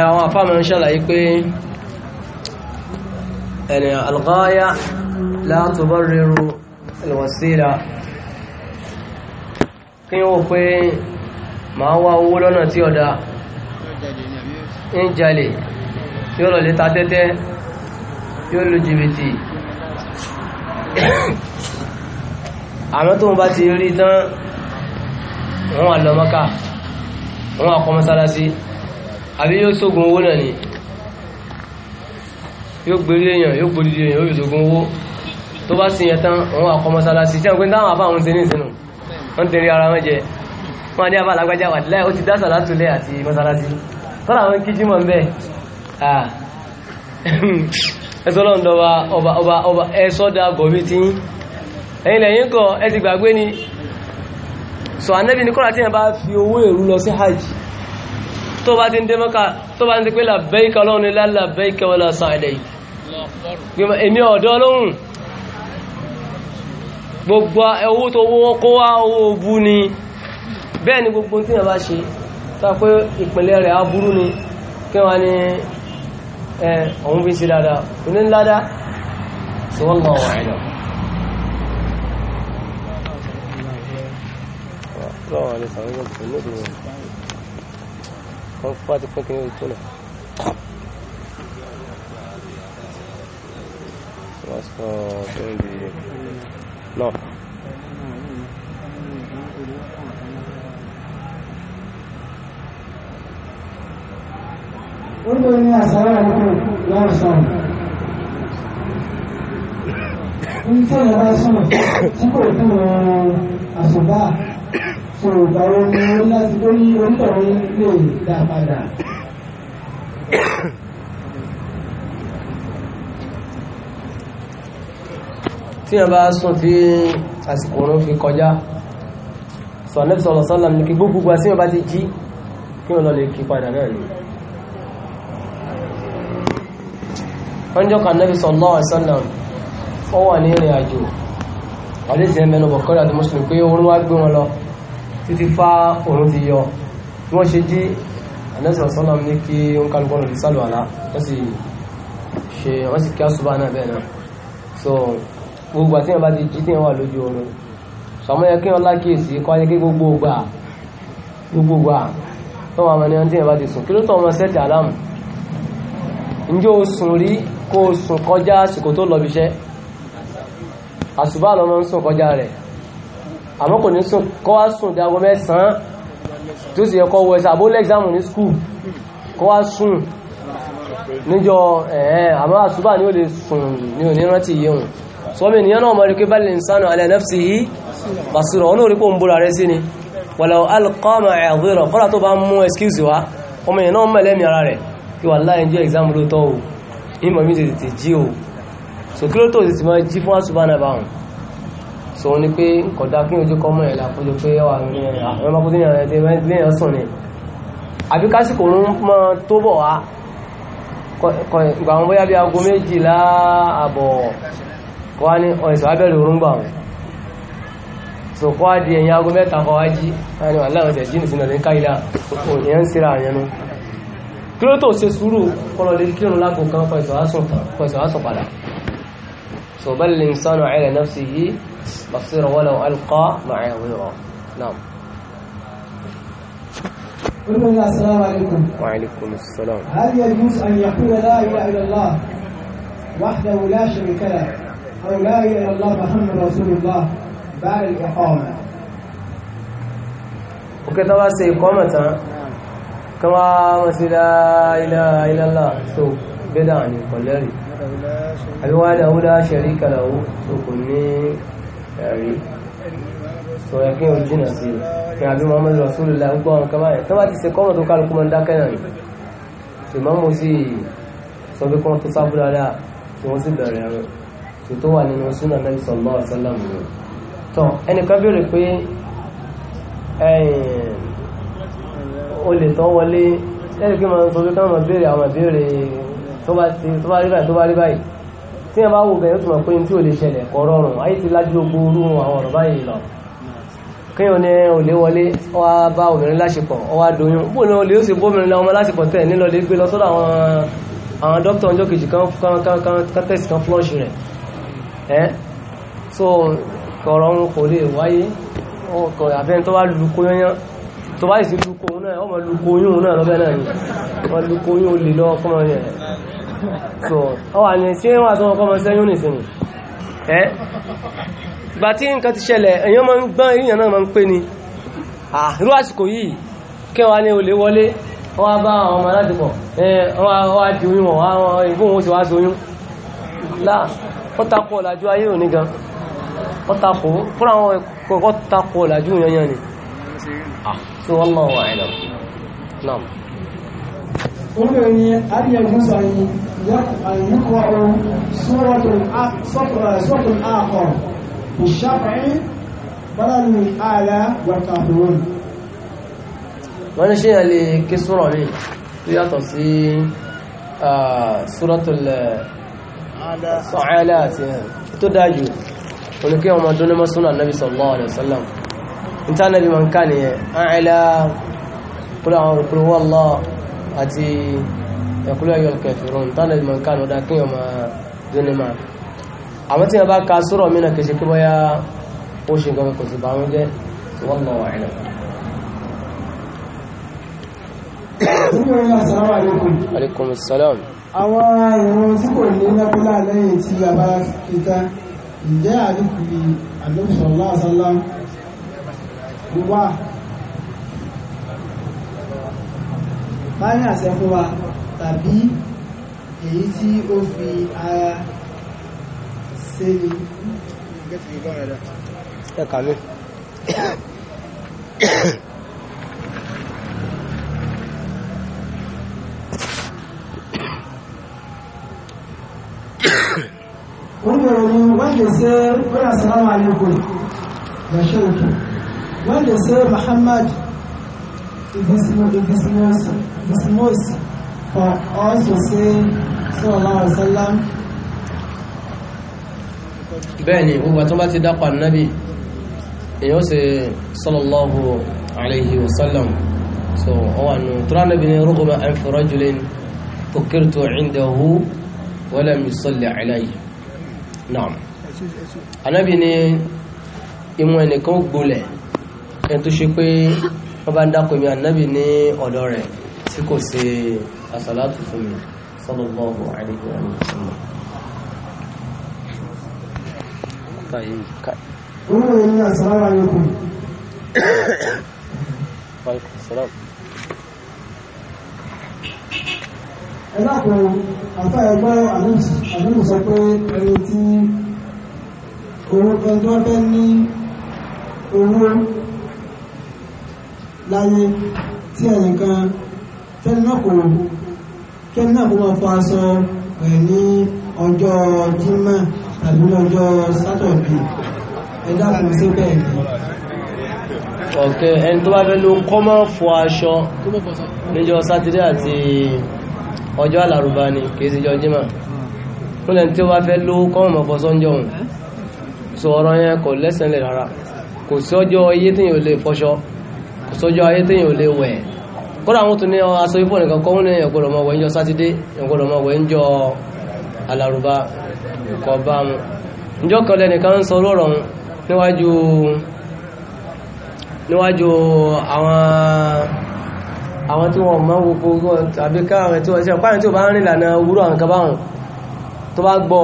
àwọn afáàmù ń ṣàlàyé pé ẹni alghaya la tubarriru alwasila kí wọ́n pé máa wá owó lọ́nà tí ọ̀dá ń jalè tí ó lọ̀lẹ́ ta tẹ́tẹ́ tí ó lu jìbìtì àmọ́ tó ń bá ti rí tán wọ́n wà lọ mọ́ká wọ́n wà kọ́ mọ́sálásí àbí yóò sógun owó náà ni yóò gbérí èèyàn yóò gbórí èèyàn yóò sógun owó tó bá sì yẹn tán òun àkọ́ mọ́sálásí tí wọ́n pín táwọn àbáwọn ṣe ní ìsinú wọ́n ti ara wọn jẹ wọ́n adé àbá alágbájá wà láì ó ti dá sàlátùlẹ̀ àti mọ́sálásí tọ́lá àwọn kí jímọ̀ ẹ̀sọ́ ọba ẹ̀sọ́ gọ̀bí tí ẹ̀yìn lẹ́yìn ẹ ti gbàgbé ni sọ anẹ́bí ní kọ́lá tí bá fi owó èrú lọ sí hajj gbogbo owó tó wọ́n kó wá owó bú ni bẹ́ẹ̀ ni gbogbo tí wọ́n bá ṣe tó pé ìpínlẹ̀ rẹ̀ aburú ni kí wọ́n ní ọ̀hún fi ṣe dáadáa oní ńláda sí wọ́n lọ wà ẹ̀dọ̀ lọ́wọ́ alẹ́ sàwọn ẹgbẹ́ òkú ní òdòdó wọn fún àti pínkì ní òdòdó náà wọ́n sọ bẹ́ẹ̀ lọ. orúkọ ní àṣàrà àdúgbò lọ́wọ́ sọ̀rọ̀ ní tí ìyá bá sọ̀rọ̀ tí kò fún wọn àṣùbà sọ̀rọ̀ ìgbà wo ni ó láti lórí onítọ̀rọ̀ ilé ìdá padà tí wọ́n bá sùn fi àsìkò oorun fi kọjá sọ Ànábì sallallahu alaihi wasallam ní kí gbogbo àti wọ́n bá ti jí kí wọ́n lọ lè kí padà náà ni ọjọ́ kan Ànábì sallallahu alaihi wasallam ó wà ní ìrìn àjò àdéhìí ẹ̀mẹ́nu bọ̀kọ́rẹ́ àti mùsùlùmí pé oorun wá gbé wọn lọ títí fá oorun ti yọ bí wọ́n ṣe jí Ànábì sallallahu alaihi wasallam ní kí wọ́n kálukọ́ lọ lè sálọ̀ àlá wọ́n sì ṣe wọ́n sì kí á sùbá náà bẹ́ẹ̀ náà so gbogbo àti ìyàn bá ti jí tíyàn wà lójú oorun sọmọyẹ kí wọn lákìyèsí kọ́ ayé kí gbogbo gbà gbogbo gbà tó wà mọ́ni ọdún tíyàn bá ti sùn kí ló tọ́ ọmọ sẹ́ẹ̀tì aláàmù njẹ́ o sùn rí kó o sùn kọjá àsìkò tó lọ bíṣẹ́ àsùbá lọ́mọ ń sùn kọjá rẹ̀ àmọ́ kò ní sùn kọ́ wá sùn di aago mẹ́sàn-án tó sì yẹ kọ́ wọ ẹsẹ̀ àbólẹ̀ ẹ̀gzámù ní skul kọ́ wá sùn níjọ ẹ̀ẹ́ àmọ́ àsùbá ni ó lè sùn ní òní rántí yéhùn sọ́mí ènìyàn náà mọ̀rí pé bal insanu ala nafsihi basira wọn lórí pò ń búra rẹ sí ni walau alqa ma'adhira kọ́lá tó bá mú excuse wá ọmọ ènìyàn náà mẹ́lẹ́mì ara rẹ̀ kí wà láyé jẹ́ exam ló tọ́ o ìmọ̀ mi tètè jí o so kí ló tó tètè máa jí fún àṣùbá náà báwọn so wọn ni pé kọ̀dá kí ojú kọ́ mọ́ ẹ̀ lápọ̀jọ pé wà ni àbí kásìkò ń mọ́ tó bọ̀ wá ìgbà wọn bóyá bí aago méjìlá àbọ̀ kọ́ ní ọ̀ẹ̀sọ̀ abẹ́rẹ̀ orúngbà wọn so kọ́ di ẹ̀yìn aago mẹ́ta kọ́ wájí ẹni wà láwọn ẹ̀jìn ìsinmi ní káìlá òyìn síra àyẹnu kí ló tó ṣe sùúrù kọ́lọ̀ lè kírun lágbo kan fọ́ẹ̀sọ̀ àsùn padà so bal l'insanu ala nafsihi basira walau alqa ma'awira naam قلنا السلام عليكم وعليكم السلام هل يجوز أن يقول لا إله إلا الله وحده لا شريك له أو لا إله إلا الله محمد رسول الله بعد الإقامة وكذا واسي إقامة كما لا إلى إلى الله سو بدعني قلري الوالد لا شريك له سو كني يعني sọ yẹ kí o jìnà sí kí àbí muhammadu rasulullah ń gbọ́ àwọn kama yẹn tó bá ti ṣe kọ́mọ̀ tó kálukú mọ́ ń dákẹ́ náà ni ṣùgbọ́n mo sì sọ pé kọ́mọ̀ tó sábúrò dáadáa tí wọ́n sì bẹ̀rẹ̀ rẹ̀ tó tó wà nínú súnà Nabi sallallahu alaihi wasallam rẹ̀ tó ẹnìkan béèrè pé olè tó wọlé ẹnìkí máa ń sọ pé káwọn béèrè àwọn ìbéèrè tó bá rí báyìí tó bá rí báyìí tí ẹ bá wò gan yóò tún mọ̀ pé tí ò lè ṣẹlẹ̀ kọ́ rọrùn ayé ti lájú ogun orú àwọn ọ̀rọ̀ báyìí lọ kéèyàn ní olè wọlé wá bá obìnrin láṣepọ̀ ọwá doyún bó ní olè ó sì bóbìnrin láwọn ọmọ láṣepọ̀ tẹ̀ nílọ lè gbé lọ sọ́dọ̀ àwọn dókítà ọjọ́ kejì kan tẹ̀sì kan flush rẹ̀ ẹ́ eh? so kọ̀ọ̀rọ̀ ọ̀run kò lè wáyé ọkọ̀ àbẹ́ni tó bá lùkó yányán tó bá ìsì lùkó òun náà ọmọ lùkó oyún náà lọ́bẹ̀ náà ni wọ́n lùkó oyún olè lọ ọkọ̀mọ yẹn so ọwà ní tí wọ́n àtọ́ ọkọ̀mọ sẹ́yún nìsinmi ẹ́ eh? gbà tí nǹkan ti ṣẹlẹ̀ èyàn máa ń gbọ́n èyàn náà máa ń pè ní àrú àsìkò yìí kí wọ́n ní olè wọlé wọ́n bá àwọn ọmọ aládùúgbò eh, wọ́n á di oyún wọn ìbò wọn ó ti wá soyún láà ó takò ọ̀làjú ayé òní gan ó takò fúnra wọn kọ́kọ́ takò ọ̀làjú yanyan ni tí ah, wọ́n lọ wà ẹ̀dọ̀ náà. Olúwa ni Adìyẹ Musa yìí yíkọ̀ ọ̀rọ̀ sọ́tún àkọ̀ ìṣàfẹ́ bọ́lálù ààlà wàtàkùn. Wọ́n ní ṣe yà kí sọ́rọ̀ mi tó yàtọ̀ sí ah, suratul sọ̀ọ́lá àti ẹ̀ tó dájú olùkẹ́ ọmọ tó nímọ̀ súnà nàbí sallallahu alaihi wasallam ìtànàbí ma ń ká nìyẹn àìlá kúrò àwọn òkúrúwọ́lọ́ àti ẹ̀kúrò ẹ̀yọ kẹfìrún ìtànàbí ma ń ká nìyẹn kí ọmọ tó nímọ̀ àwọn tí wọ́n bá ka sọ́rọ̀ mìíràn kìí ṣe àwọn ìran tí kò ní lápílà lẹ́yìn tí a bá fi ìjẹ́ ǹjẹ́ àdínkù àdókùsọ̀lá wà bá ní àṣẹ fún wa tàbí èyí tí ó fi ara ṣe ni ẹ̀kàlẹ́ when they say when assalamu alaikum bashiratu when they say muhammad it is it is most it is most for us to say sallallahu alaihi wasallam bẹ́ẹ̀ni gbogbo àtúnbá ti dápa nábi èyàn ṣe sallallahu alaihi wasallam so ọwà nù ní rúgbọ́n àìfẹ́rọ́jùlẹ̀ tó kírtò ìndẹ̀hu wọ́lẹ̀mí sọ́lẹ̀ aláyìí náà anábì ni imú ẹnìkan ó gbolẹ̀ ẹni tó ṣe pé wọ́n bá ń dákọ̀ mi anábì ní ọ̀dọ̀ rẹ̀ tí kò ṣe àsàlátù fún mi sallallahu alaihi wa sallam طيب قولوا إني السلام عليكم وعليكم السلام ẹlẹ́kùnrin àfẹ́ ẹgbẹ́ àdúgbò sọ pé ẹni tí òun ẹni tó fẹ́ ní owó láyé tí ẹnìkan fẹ́ni náà kò kẹ́ni náà kó máa fọ aṣọ rẹ̀ ní ọjọ́ jímọ̀ tàbí lọ́jọ́ sátọ̀dé ẹ̀dá kò sí bẹ́ẹ̀ ni ọ̀kẹ́ ẹni tó bá fẹ́ ló kọ́ máa fọ aṣọ níjọ́ sátidé àti ọjọ́ alárùbá ni kìí sí jọ jímọ̀ fúnlẹ̀ tí ó bá fẹ́ ló kọ́ mọ̀ fọ́sọ́njọ́ òun so ọ̀rọ̀ yẹn kò lẹ́sìn lè rárá kò sọ́jọ́ ayé tí yóò lè fọṣọ kò sọ́jọ́ ayé tí yóò lè wẹ̀ kódà àwọn tún ní aṣọ ifọ̀ nìkan kọ́ ní ẹ̀gbọ́dọ̀ ọmọ wẹ̀ńjọ sátidé ẹ̀gbọ́dọ̀ ọmọ wẹ̀ńjọ alárùbá kọ̀ bá wọn njọ́ kan lẹ́nìkan ń sọ lọ́rọ̀ níwájú níwájú àwọn àwọn tí wọ́n máa ń wo gbogbo àbí káàrin tí wọ́n ṣe ọ̀pá tí ó bá ń rìn lànà òwúrọ̀ àwọn kan báwọn tó bá gbọ́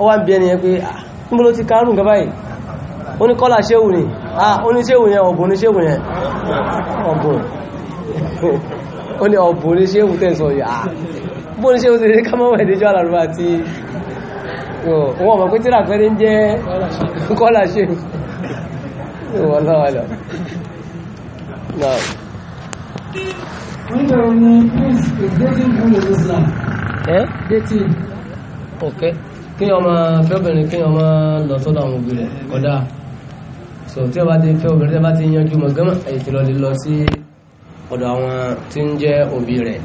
ó wá ń bí ẹni yẹn pé ah, níbo ló ti kárù nǹkan báyìí ó ní ṣéwù ni Ah, ní ṣéwù yẹn ọ̀bùn ní ṣéwù yẹn ọ̀bùn ó ní ọ̀bùn ní ṣéwù tẹ̀sán yìí à bó ní ṣéwù ti rí kámọ́wẹ̀ ìdíjọ́ àlàlùbá àti wọn ọmọ pé tíra pẹ́rẹ́ ń jẹ́ kọ́là ṣéwù Eh? Dating. Okay kí ọmọ fẹ́ obìnrin kí ọmọ lọ sọ́dọ̀ àwọn òbí rẹ̀ kódà so tí ọba ti fẹ́ obìnrin tí ọba ti yanjú mọ̀gánmà èyí ti lọ lè lọ sí ọ̀dọ̀ àwọn tí ń jẹ́ òbí rẹ̀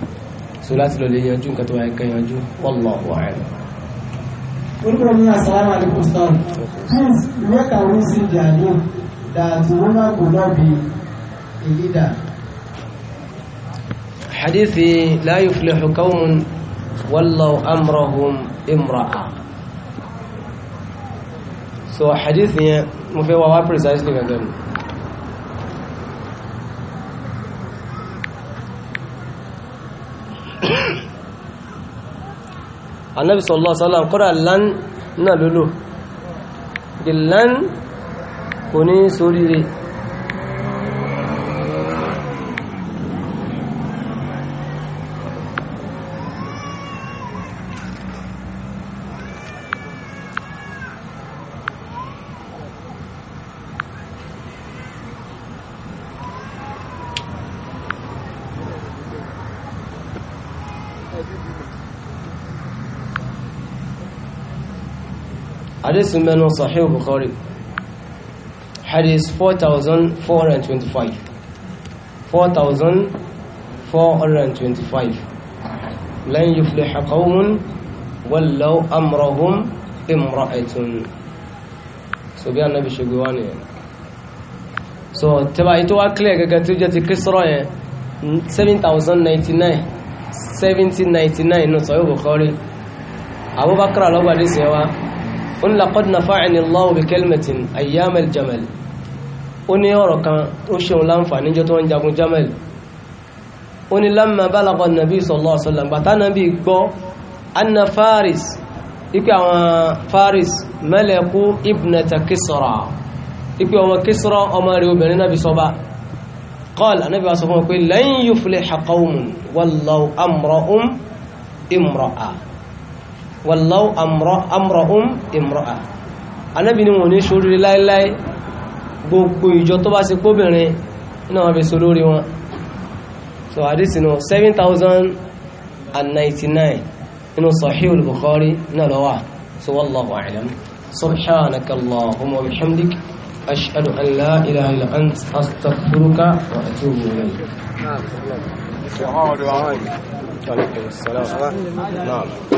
so láti lọ lè yanjú nǹkan tó wáyé kan yanjú wallahu a'lam. Orúkọ mi Assalamu alaikum sir. Please make a reason their name that woman could not be a leader. حديثي لا يفلح قوم ولوا أمرهم امرأة so hadith yẹn mo fẹ́ wá wá precisely gangan ni anabi sallallahu alaihi wasallam kọ́ra lan náà lólò di lan kò ní sóríire hadith mẹ́nu Sahih Bukhari hadith 4425 4425 lan yufliha qawmun wallaw amrahum imra'atun so bí anábi ṣe gbé wá nìyẹn so tẹ́bà yìí tó wá clear gẹ́gẹ́ tí ó jẹ́ ti kíṣọ́rọ̀ yẹn 7099 1799 nù Sahih Bukhari Abubakar lọ́gbàdé sí wa ó ní laqad nafa'ani Allahu bi kalimatin ayyamal jamal ó ní ọ̀rọ̀ kan ó ṣeun láǹfààní jọ tó ń jagun jamal ó ní lamma balagha nàbí sallallahu alaihi wasallam bàtà nàbí gbọ́ anna faris ipe àwọn قال النبي صلى الله عليه يفلح قوم ولو امرؤ امرأة wàláwù amra'um imra'a anábì ni wọ́n ní sórí láíláí gbogbo ìjọ tó bá ṣe kóbìnrin iná wọn fi so lórí wọn so àdísì nù 7099 inú sahih al-bukhari náà lọ́wà so wallahu a'lam subhanaka allahumma wa bihamdik ashhadu an la ilaha illa anta astaghfiruka wa atubu ilayk نعم